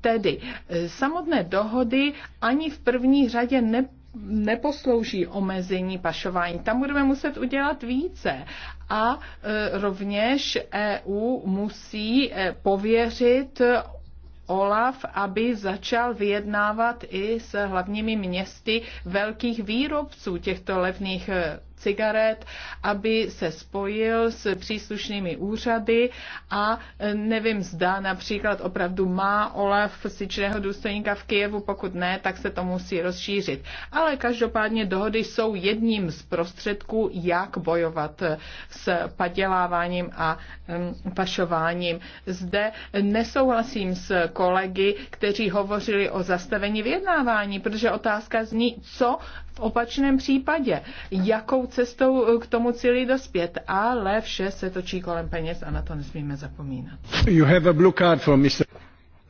Tedy eh, samotné dohody ani v první řadě ne neposlouží omezení pašování. Tam budeme muset udělat více a e, rovněž EU musí e, pověřit Olaf, aby začal vyjednávat i s hlavními městy velkých výrobců těchto levných e, cigaret, aby se spojil s příslušnými úřady a e, nevím, zda například opravdu má Olaf styčného důstojníka v Kijevu, pokud ne, tak se to musí rozšířit. Ale každopádně dohody jsou jedním z prostředků, jak bojovat e, s paděláváním a pašováním. Zde nesouhlasím s kolegy, kteří hovořili o zastavení vyjednávání, protože otázka zní, co v opačném případě, jakou cestou eh, k tomu cíli dospět, ale vše se točí kolem peněz a na to nesmíme zapomínat. You have a blue card for Mr.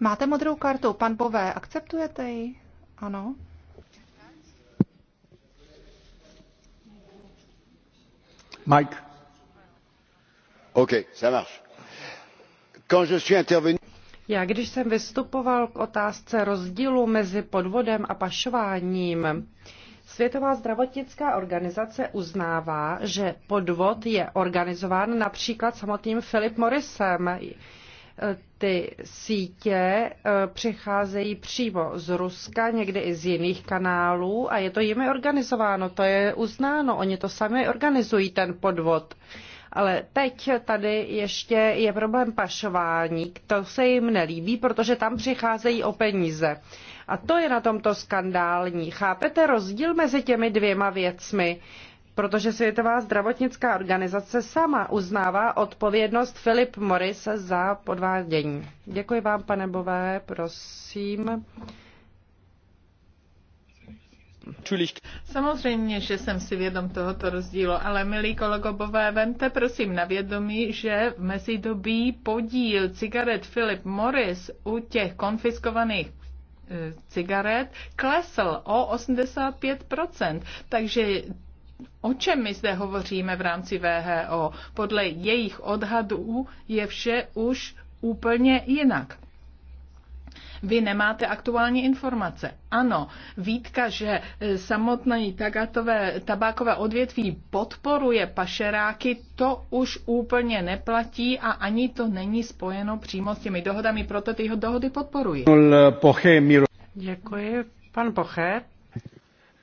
Máte modrou kartu, pan Bové, akceptujete ji? Ano. Mike. OK, ça marche. Quand je suis intervenu... Já, když jsem vystupoval k otázce rozdílu mezi podvodem a pašováním, Světová zdravotnická organizace uznává, že podvod je organizován například samotným Philip Morrisem. Ty sítě eh, přicházejí přímo z Ruska, někdy i z jiných kanálů a je to jimi organizováno, to je uznáno, oni to sami organizují ten podvod. Ale teď tady ještě je problém pašování, to se jim nelíbí, protože tam přicházejí o peníze. A to je na tomto skandální. Chápete rozdíl mezi těmi dvěma věcmi? protože Světová zdravotnická organizace sama uznává odpovědnost Philip Morris za podvádění. Děkuji vám, pane Bové, prosím. Samozřejmě, že jsem si vědom tohoto rozdílu, ale milí kolegové, vemte prosím na vědomí, že v mezidobí podíl cigaret Philip Morris u těch konfiskovaných cigaret klesl o 85%. Takže O čem my zde hovoříme v rámci VHO? Podle jejich odhadů je vše už úplně jinak. Vy nemáte aktuální informace. Ano, výtka, že e, samotné tagatové, tabákové odvětví podporuje pašeráky, to už úplně neplatí a ani to není spojeno přímo s těmi dohodami, proto ty dohody podporuji. Děkuji. Pan Poche,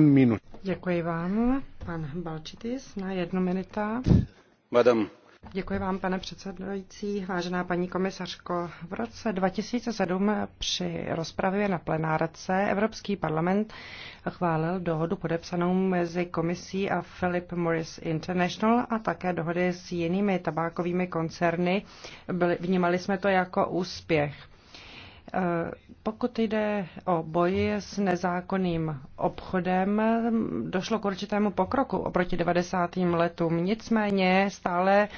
minut. Děkuji vám, na jednu minuta. Děkuji vám, pane předsedající. Vážená paní komisařko, v roce 2007 při rozpravě na plenárce Evropský parlament chválil dohodu podepsanou mezi komisí a Philip Morris International a také dohody s jinými tabákovými koncerny. Vnímali jsme to jako úspěch. Pokud jde o boji s nezákonným obchodem, došlo k určitému pokroku oproti 90. letům. Nicméně stále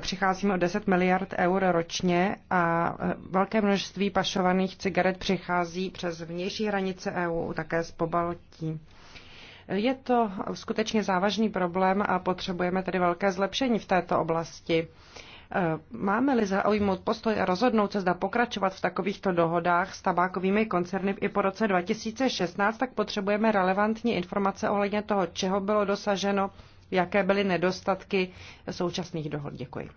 přicházíme o 10 miliard eur ročně a velké množství pašovaných cigaret přichází přes vnější hranice EU, také z Pobaltí. Je to skutečně závažný problém a potřebujeme tedy velké zlepšení v této oblasti. Eh, máme-li zaujmout postoj a rozhodnout se, zda pokračovat v takovýchto dohodách s tabákovými koncerny i po roce 2016, tak potřebujeme relevantní informace ohledně toho, čeho bylo dosaženo, jaké byly nedostatky současných dohod. Děkuji.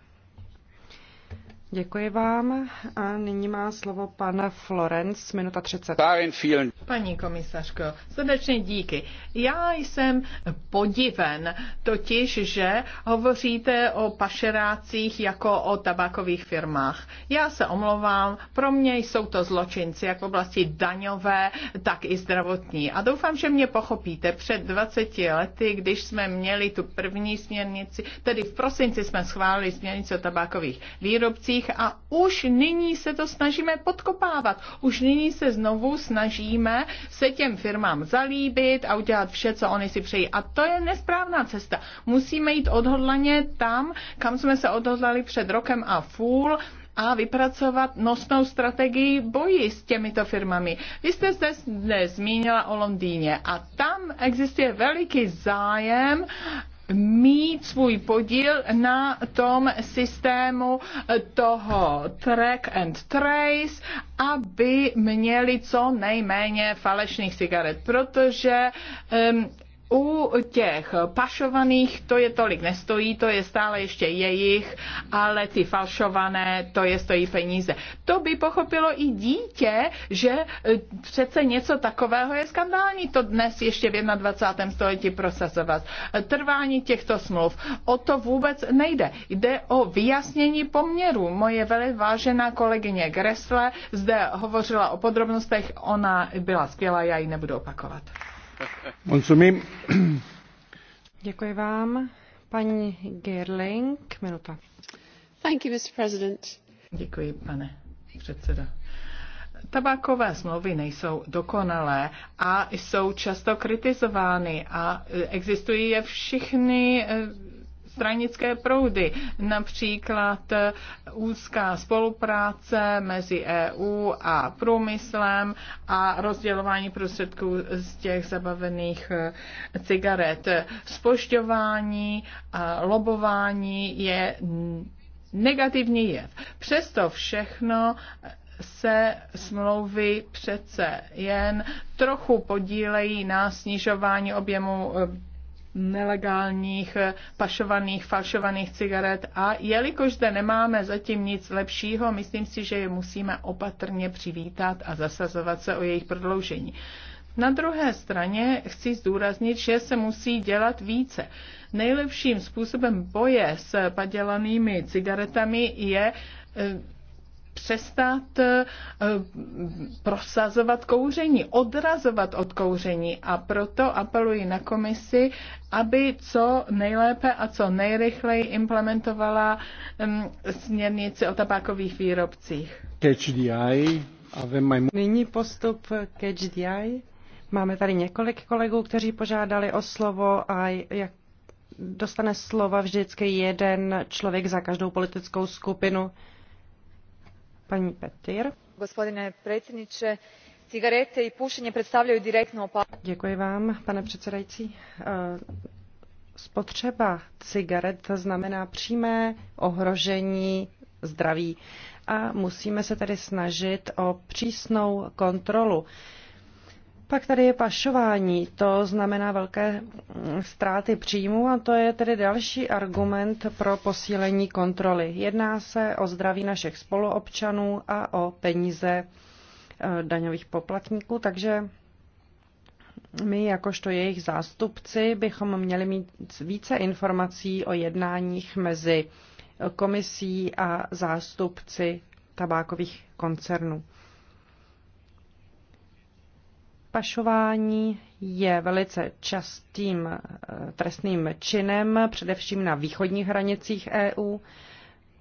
Děkuji vám. A nyní má slovo pan Florence, minuta 30. Paní komisařko, srdečně díky. Já jsem podiven, totiž, že hovoříte o pašerácích jako o tabakových firmách. Já se omlouvám, pro mě jsou to zločinci jak v oblasti daňové, tak i zdravotní. A doufám, že mě pochopíte. Před 20 lety, když jsme měli tu první směrnici, tedy v prosinci jsme schválili směrnici o tabákových výrobcích, zemích a už nyní se to snažíme podkopávat. Už nyní se znovu snažíme se těm firmám zalíbit a udělat vše, co oni si přejí. A to je nesprávná cesta. Musíme jít odhodlaně tam, kam jsme se odhodlali před rokem a fůl a vypracovat nosnou strategii boji s těmito firmami. Vy jste zde zmínila o Londýně a tam existuje veliký zájem mít svůj podíl na tom systému toho track and trace, aby měli co nejméně falešných cigaret, protože um, u těch pašovaných to je tolik nestojí, to je stále ještě jejich, ale ty falšované, to je stojí peníze. To by pochopilo i dítě, že e, přece něco takového je skandální to dnes ještě v 21. století prosazovat. E, trvání těchto smluv, o to vůbec nejde. Jde o vyjasnění poměru. Moje velmi vážená kolegyně Gresle zde hovořila o podrobnostech, ona byla skvělá, já ji nebudu opakovat. Děkuji vám. Mr. President. Děkuji, pane Tabákové smlouvy nejsou dokonalé a jsou často kritizovány a existují je všichni eh, stranické proudy, například eh, úzká spolupráce mezi EU a průmyslem a rozdělování prostředků z těch zabavených eh, cigaret. Spožďování a lobování je negativní jev. Přesto všechno eh, se smlouvy přece jen trochu podílejí na snižování objemu nelegálních eh, pašovaných, falšovaných cigaret a jelikož zde nemáme zatím nic lepšího, myslím si, že je musíme opatrně přivítat a zasazovat se o jejich prodloužení. Na druhé straně chci zdůraznit, že se musí dělat více. Nejlepším způsobem boje s padělanými cigaretami je eh, přestat eh, prosazovat kouření, odrazovat od kouření a proto apeluji na komisi, aby co nejlépe a co nejrychleji implementovala mm, směrnici o tabákových výrobcích. Nyní postup ke HDI. Máme tady několik kolegů, kteří požádali o slovo a jak dostane slova vždycky jeden člověk za každou politickou skupinu. Paní Petir. Gospodine predsjedniče, cigarete i pušenje predstavljaju direktnu opasnost. Děkuji vám, pane předsedající. Eh, spotřeba cigaret znamená přímé ohrožení zdraví a musíme se tedy snažit o přísnou kontrolu. Pak tady je pašování, to znamená velké mm, ztráty příjmu a to je tedy další argument pro posílení kontroly. Jedná se o zdraví našich spoluobčanů a o peníze e, daňových poplatníků, takže my jakožto jejich zástupci bychom měli mít více informací o jednáních mezi komisí a zástupci tabákových koncernů. Pašování je velice častým eh, trestným činem, především na východních hranicích EU.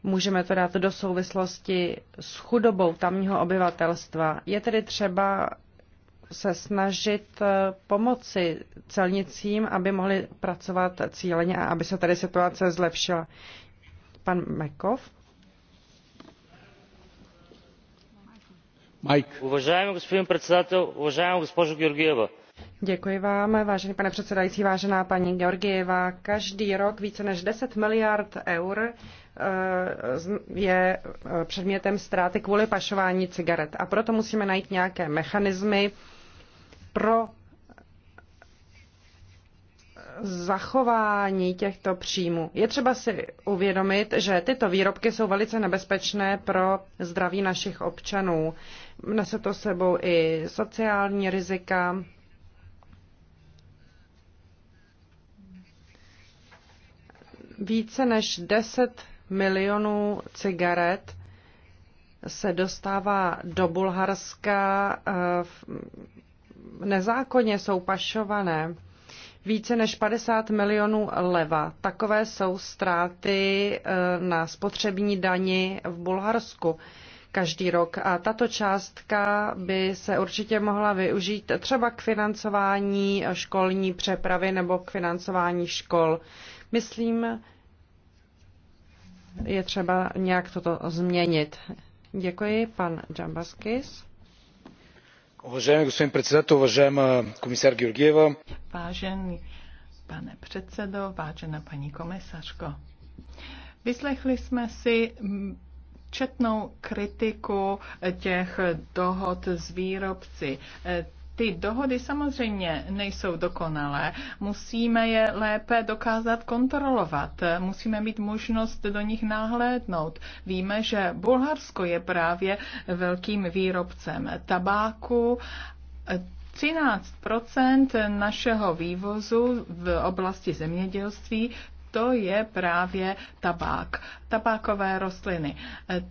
Můžeme to dát do souvislosti s chudobou tamního obyvatelstva. Je tedy třeba se snažit eh, pomoci celnicím, aby mohli pracovat cíleně a aby se tady situace zlepšila. Pan Mekov. господин председател уважаема госпожо георгиева Děkuji vám, vážený pane předsedající, vážená paní Georgieva. Každý rok více než 10 miliard eur eh, je eh, předmětem ztráty kvůli pašování cigaret. A proto musíme najít nějaké mechanismy pro zachování těchto příjmů. Je třeba si uvědomit, že tyto výrobky jsou velice nebezpečné pro zdraví našich občanů. Nese to sebou i sociální rizika. Více než 10 milionů cigaret se dostává do Bulharska eh, nezákonně, jsou pašované více než 50 milionů leva. Takové jsou ztráty e, na spotřební dani v Bulharsku každý rok. A tato částka by se určitě mohla využít třeba k financování školní přepravy nebo k financování škol. Myslím, je třeba nějak toto změnit. Děkuji, pan Džambaskis. Уважаеми господин председател, уважаема комисар Георгиева. Vážený pane předsedo, vážená paní komisařko. Vyslechli jsme si četnou kritiku těch dohod s výrobci ty dohody samozřejmě nejsou dokonalé. Musíme je lépe dokázat kontrolovat. Musíme mít možnost do nich nahlédnout. Víme, že Bulharsko je právě velkým výrobcem tabáku. 13 našeho vývozu v oblasti zemědělství to je právě tabák, tabákové rostliny.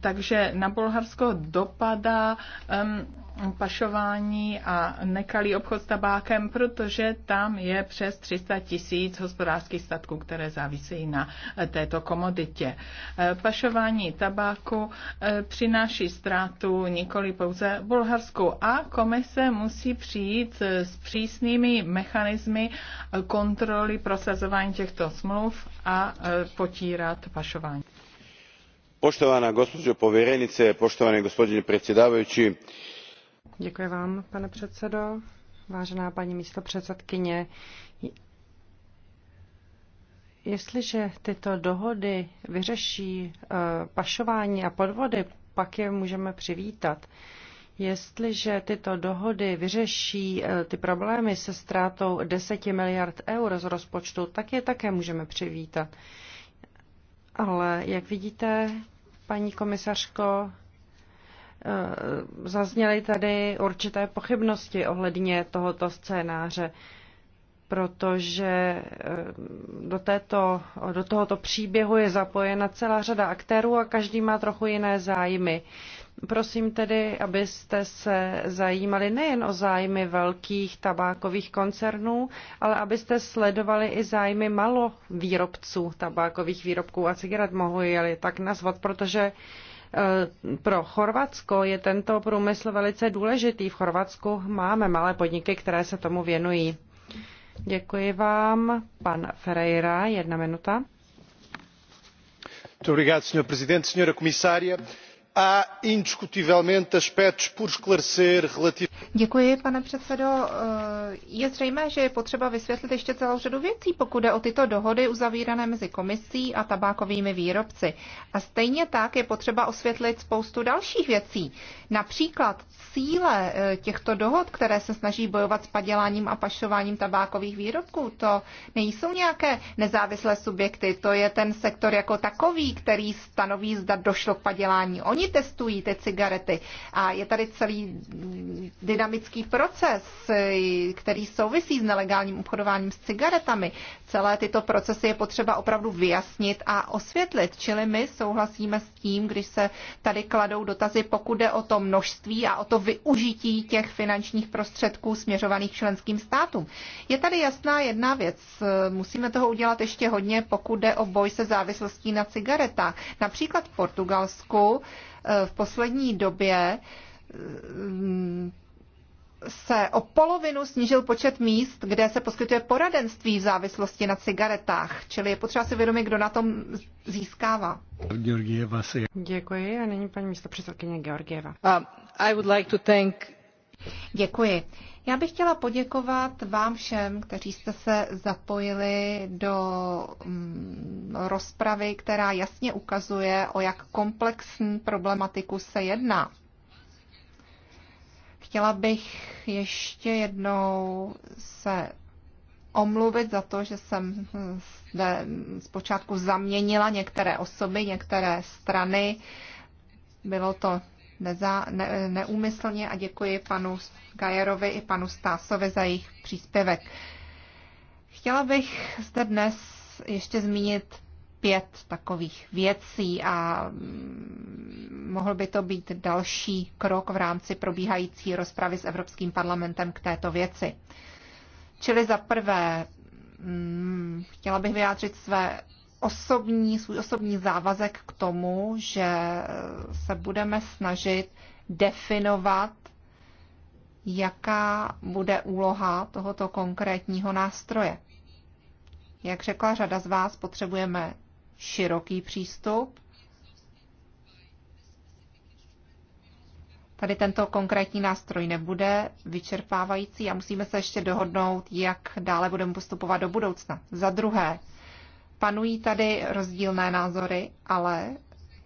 Takže na Bulharsko dopadá um, pašování a nekalý obchod s tabákem, protože tam je přes 300 tisíc hospodářských statků, které závisejí na eh, této komoditě. Eh, pašování tabáku eh, přináší ztrátu nikoli pouze Bulharsku a komise musí přijít s přísnými mechanismy kontroly prosazování těchto smluv a potírat pašování. Poštovana gospođo povjerenice, poštovani gospodine predsjedavajući, Děkuji vám, pane předsedo. Vážená paní místopředsedkyně, jestliže tyto dohody vyřeší eh, pašování a podvody, pak je můžeme přivítat. Jestliže tyto dohody vyřeší eh, ty problémy se ztrátou 10 miliard eur z rozpočtu, tak je také můžeme přivítat. Ale jak vidíte, paní komisařko, Eh, zazněly tady určité pochybnosti ohledně tohoto scénáře, protože eh, do, této, do tohoto příběhu je zapojena celá řada aktérů a každý má trochu jiné zájmy. Prosím tedy, abyste se zajímali nejen o zájmy velkých tabákových koncernů, ale abyste sledovali i zájmy malo výrobců tabákových výrobků a cigaret, mohu je tak nazvat, protože uh, Eh, pro Chorvatsko je tento průmysl velice důležitý. V Chorvatsku máme malé podniky, které se tomu věnují. Děkuji vám. Pan Ferreira, jedna minuta. Obrigado, senhor presidente, senhora comissária. Děkuji, pane předsedo. Eh, je zřejmé, že je potřeba vysvětlit ještě celou řadu věcí, pokud jde o tyto dohody uzavírané mezi komisí a tabákovými výrobci. A stejně tak je potřeba osvětlit spoustu dalších věcí. Například cíle eh, těchto dohod, které se snaží bojovat s paděláním a pašováním tabákových výrobků, to nejsou nějaké nezávislé subjekty, to je ten sektor jako takový, který stanoví, zda došlo k padělání. Oni Oni testují ty cigarety a je tady celý dynamický proces, který souvisí s nelegálním obchodováním s cigaretami celé tyto procesy je potřeba opravdu vyjasnit a osvětlit. Čili my souhlasíme s tím, když se tady kladou dotazy, pokud jde o to množství a o to využití těch finančních prostředků směřovaných členským státům. Je tady jasná jedna věc. Musíme toho udělat ještě hodně, pokud jde o boj se závislostí na cigaretách. Například v Portugalsku eh, v poslední době eh, se o polovinu snížil počet míst, kde se poskytuje poradenství v závislosti na cigaretách. Čili je potřeba si vědomit, kdo na tom získává. Georgieva si. Děkuji a nyní paní místo předsedkyně Georgieva. Uh, I would like to thank... Děkuji. Já bych chtěla poděkovat vám všem, kteří jste se zapojili do mm, rozpravy, která jasně ukazuje, o jak komplexní problematiku se jedná. Chtěla bych ještě jednou se omluvit za to, že jsem zde zpočátku zaměnila některé osoby, některé strany. Bylo to neza, ne, neúmyslně a děkuji panu Gajerovi i panu Stásovi za jejich příspěvek. Chtěla bych zde dnes ještě zmínit pět takových věcí a mm, mohl by to být další krok v rámci probíhající rozpravy s Evropským parlamentem k této věci. Čili za prvé, mm, chtěla bych vyjádřit své osobní, svůj osobní závazek k tomu, že se budeme snažit definovat, jaká bude úloha tohoto konkrétního nástroje. Jak řekla řada z vás, potřebujeme široký přístup. Tady tento konkrétní nástroj nebude vyčerpávající a musíme se ještě dohodnout, jak dále budeme postupovat do budoucna. Za druhé, panují tady rozdílné názory, ale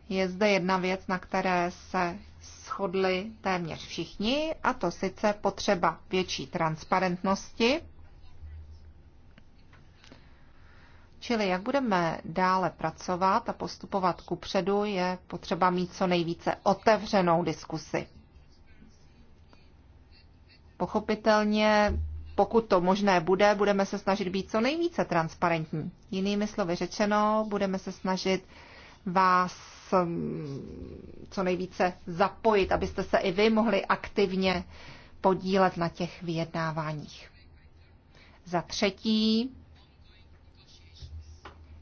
je zde jedna věc, na které se shodli téměř všichni, a to sice potřeba větší transparentnosti Čili jak budeme dále pracovat a postupovat ku předu, je potřeba mít co nejvíce otevřenou diskusi. Pochopitelně, pokud to možné bude, budeme se snažit být co nejvíce transparentní. Jinými slovy řečeno, budeme se snažit vás mm, co nejvíce zapojit, abyste se i vy mohli aktivně podílet na těch vyjednáváních. Za třetí,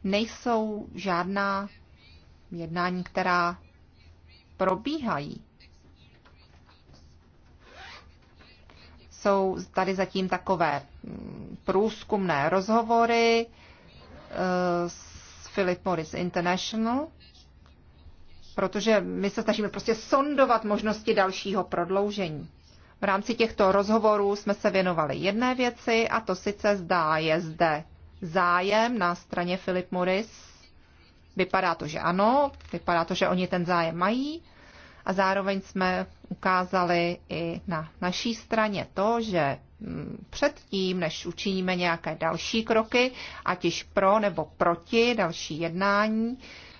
nejsou žádná jednání, která probíhají. Jsou tady zatím takové mm, průzkumné rozhovory eh, s Philip Morris International, protože my se snažíme prostě sondovat možnosti dalšího prodloužení. V rámci těchto rozhovorů jsme se věnovali jedné věci a to sice zdá je zde zájem na straně Philip Morris? Vypadá to, že ano, vypadá to, že oni ten zájem mají. A zároveň jsme ukázali i na naší straně to, že mm, předtím, než učiníme nějaké další kroky, ať již pro nebo proti další jednání,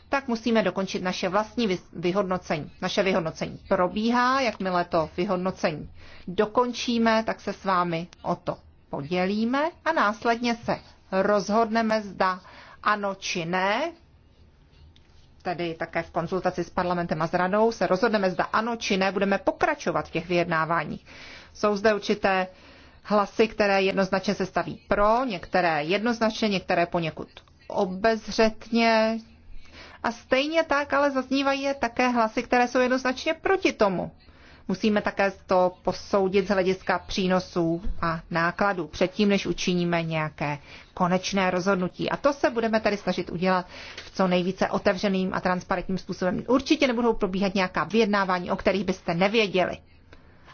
tak musíme dokončit naše vlastní vyhodnocení. Naše vyhodnocení probíhá, jakmile to vyhodnocení dokončíme, tak se s vámi o to podělíme a následně se rozhodneme, zda ano či ne, tedy také v konzultaci s parlamentem a s radou, se rozhodneme, zda ano či ne, budeme pokračovat v těch vyjednáváních. Jsou zde určité hlasy, které jednoznačně se staví pro, některé jednoznačně, některé poněkud obezřetně. A stejně tak ale zaznívají také hlasy, které jsou jednoznačně proti tomu. Musíme také to posoudit z hlediska přínosů a nákladů předtím, než učiníme nějaké konečné rozhodnutí. A to se budeme tady snažit udělat v co nejvíce otevřeným a transparentním způsobem. Určitě nebudou probíhat nějaká vyjednávání, o kterých byste nevěděli.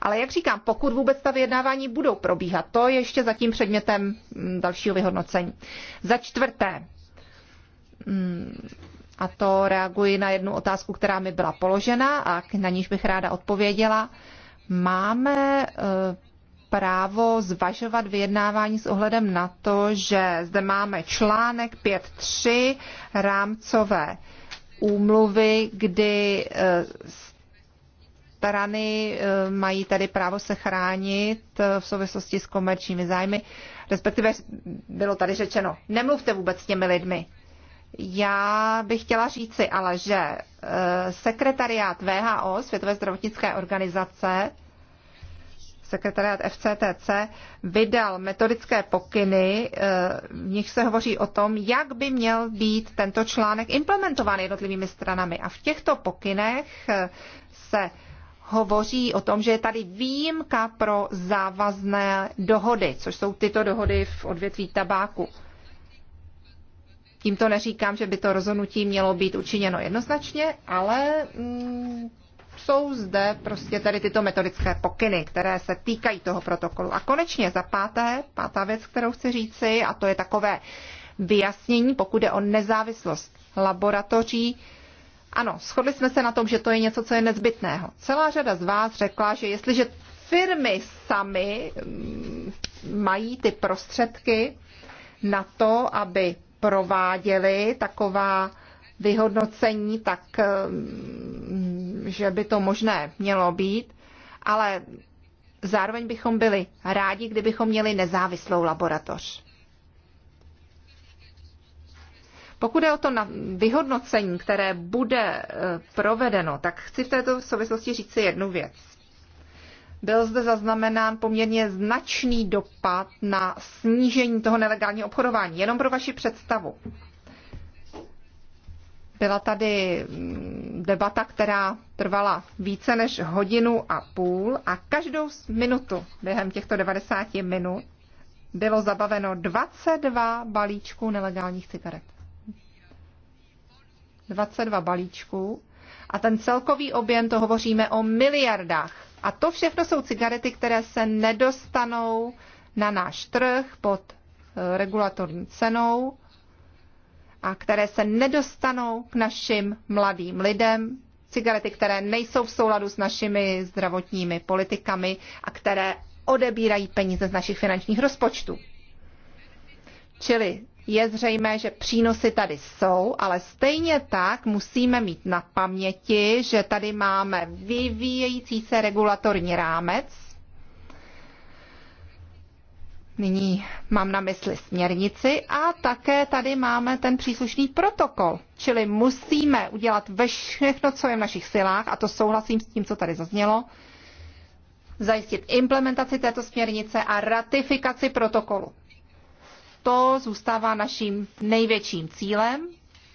Ale jak říkám, pokud vůbec ta vyjednávání budou probíhat, to je ještě zatím předmětem mm, dalšího vyhodnocení. Za čtvrté, mm, a to reaguji na jednu otázku, která mi byla položena a na níž bych ráda odpověděla. Máme eh, právo zvažovat vyjednávání s ohledem na to, že zde máme článek 5.3 rámcové úmluvy, kdy eh, strany eh, mají tady právo se chránit v souvislosti s komerčními zájmy. Respektive bylo tady řečeno, nemluvte vůbec s těmi lidmi, já bych chtěla říci ale, že eh, sekretariát VHO, Světové zdravotnické organizace, sekretariát FCTC, vydal metodické pokyny, eh, v nich se hovoří o tom, jak by měl být tento článek implementován jednotlivými stranami. A v těchto pokynech eh, se hovoří o tom, že je tady výjimka pro závazné dohody, což jsou tyto dohody v odvětví tabáku. Tímto neříkám, že by to rozhodnutí mělo být učiněno jednoznačně, ale mm, jsou zde prostě tady tyto metodické pokyny, které se týkají toho protokolu. A konečně za páté, pátá věc, kterou chci říci, a to je takové vyjasnění, pokud je o nezávislost laboratoří. Ano, shodli jsme se na tom, že to je něco, co je nezbytného. Celá řada z vás řekla, že jestliže firmy sami mm, mají ty prostředky na to, aby prováděli taková vyhodnocení, tak eh, že by to možné mělo být, ale zároveň bychom byli rádi, kdybychom měli nezávislou laboratoř. Pokud je o to na vyhodnocení, které bude eh, provedeno, tak chci v této souvislosti říct si jednu věc byl zde zaznamenán poměrně značný dopad na snížení toho nelegálního obchodování. Jenom pro vaši představu. Byla tady mm, debata, která trvala více než hodinu a půl a každou minutu během těchto 90 minut bylo zabaveno 22 balíčků nelegálních cigaret. 22 balíčků a ten celkový objem, to hovoříme o miliardách. A to všechno jsou cigarety, které se nedostanou na náš trh pod eh, regulatorní cenou a které se nedostanou k našim mladým lidem, cigarety, které nejsou v souladu s našimi zdravotními politikami a které odebírají peníze z našich finančních rozpočtů. Čili je zřejmé, že přínosy tady jsou, ale stejně tak musíme mít na paměti, že tady máme vyvíjející se regulatorní rámec. Nyní mám na mysli směrnici a také tady máme ten příslušný protokol. Čili musíme udělat všechno, co je v našich silách, a to souhlasím s tím, co tady zaznělo, zajistit implementaci této směrnice a ratifikaci protokolu. To zůstává naším největším cílem,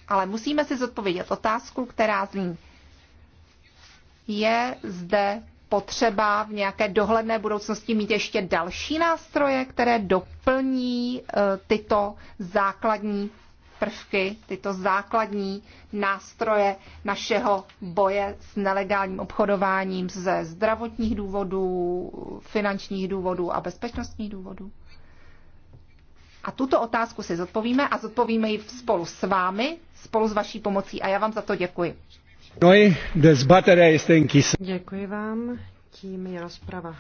ale musíme si zodpovědět otázku, která zní, je zde potřeba v nějaké dohledné budoucnosti mít ještě další nástroje, které doplní eh, tyto základní prvky, tyto základní nástroje našeho boje s nelegálním obchodováním ze zdravotních důvodů, finančních důvodů a bezpečnostních důvodů? A tuto otázku si zodpovíme a zodpovíme ji spolu s vámi, spolu s vaší pomocí a já vám za to děkuji. Děkuji vám, tím je rozprava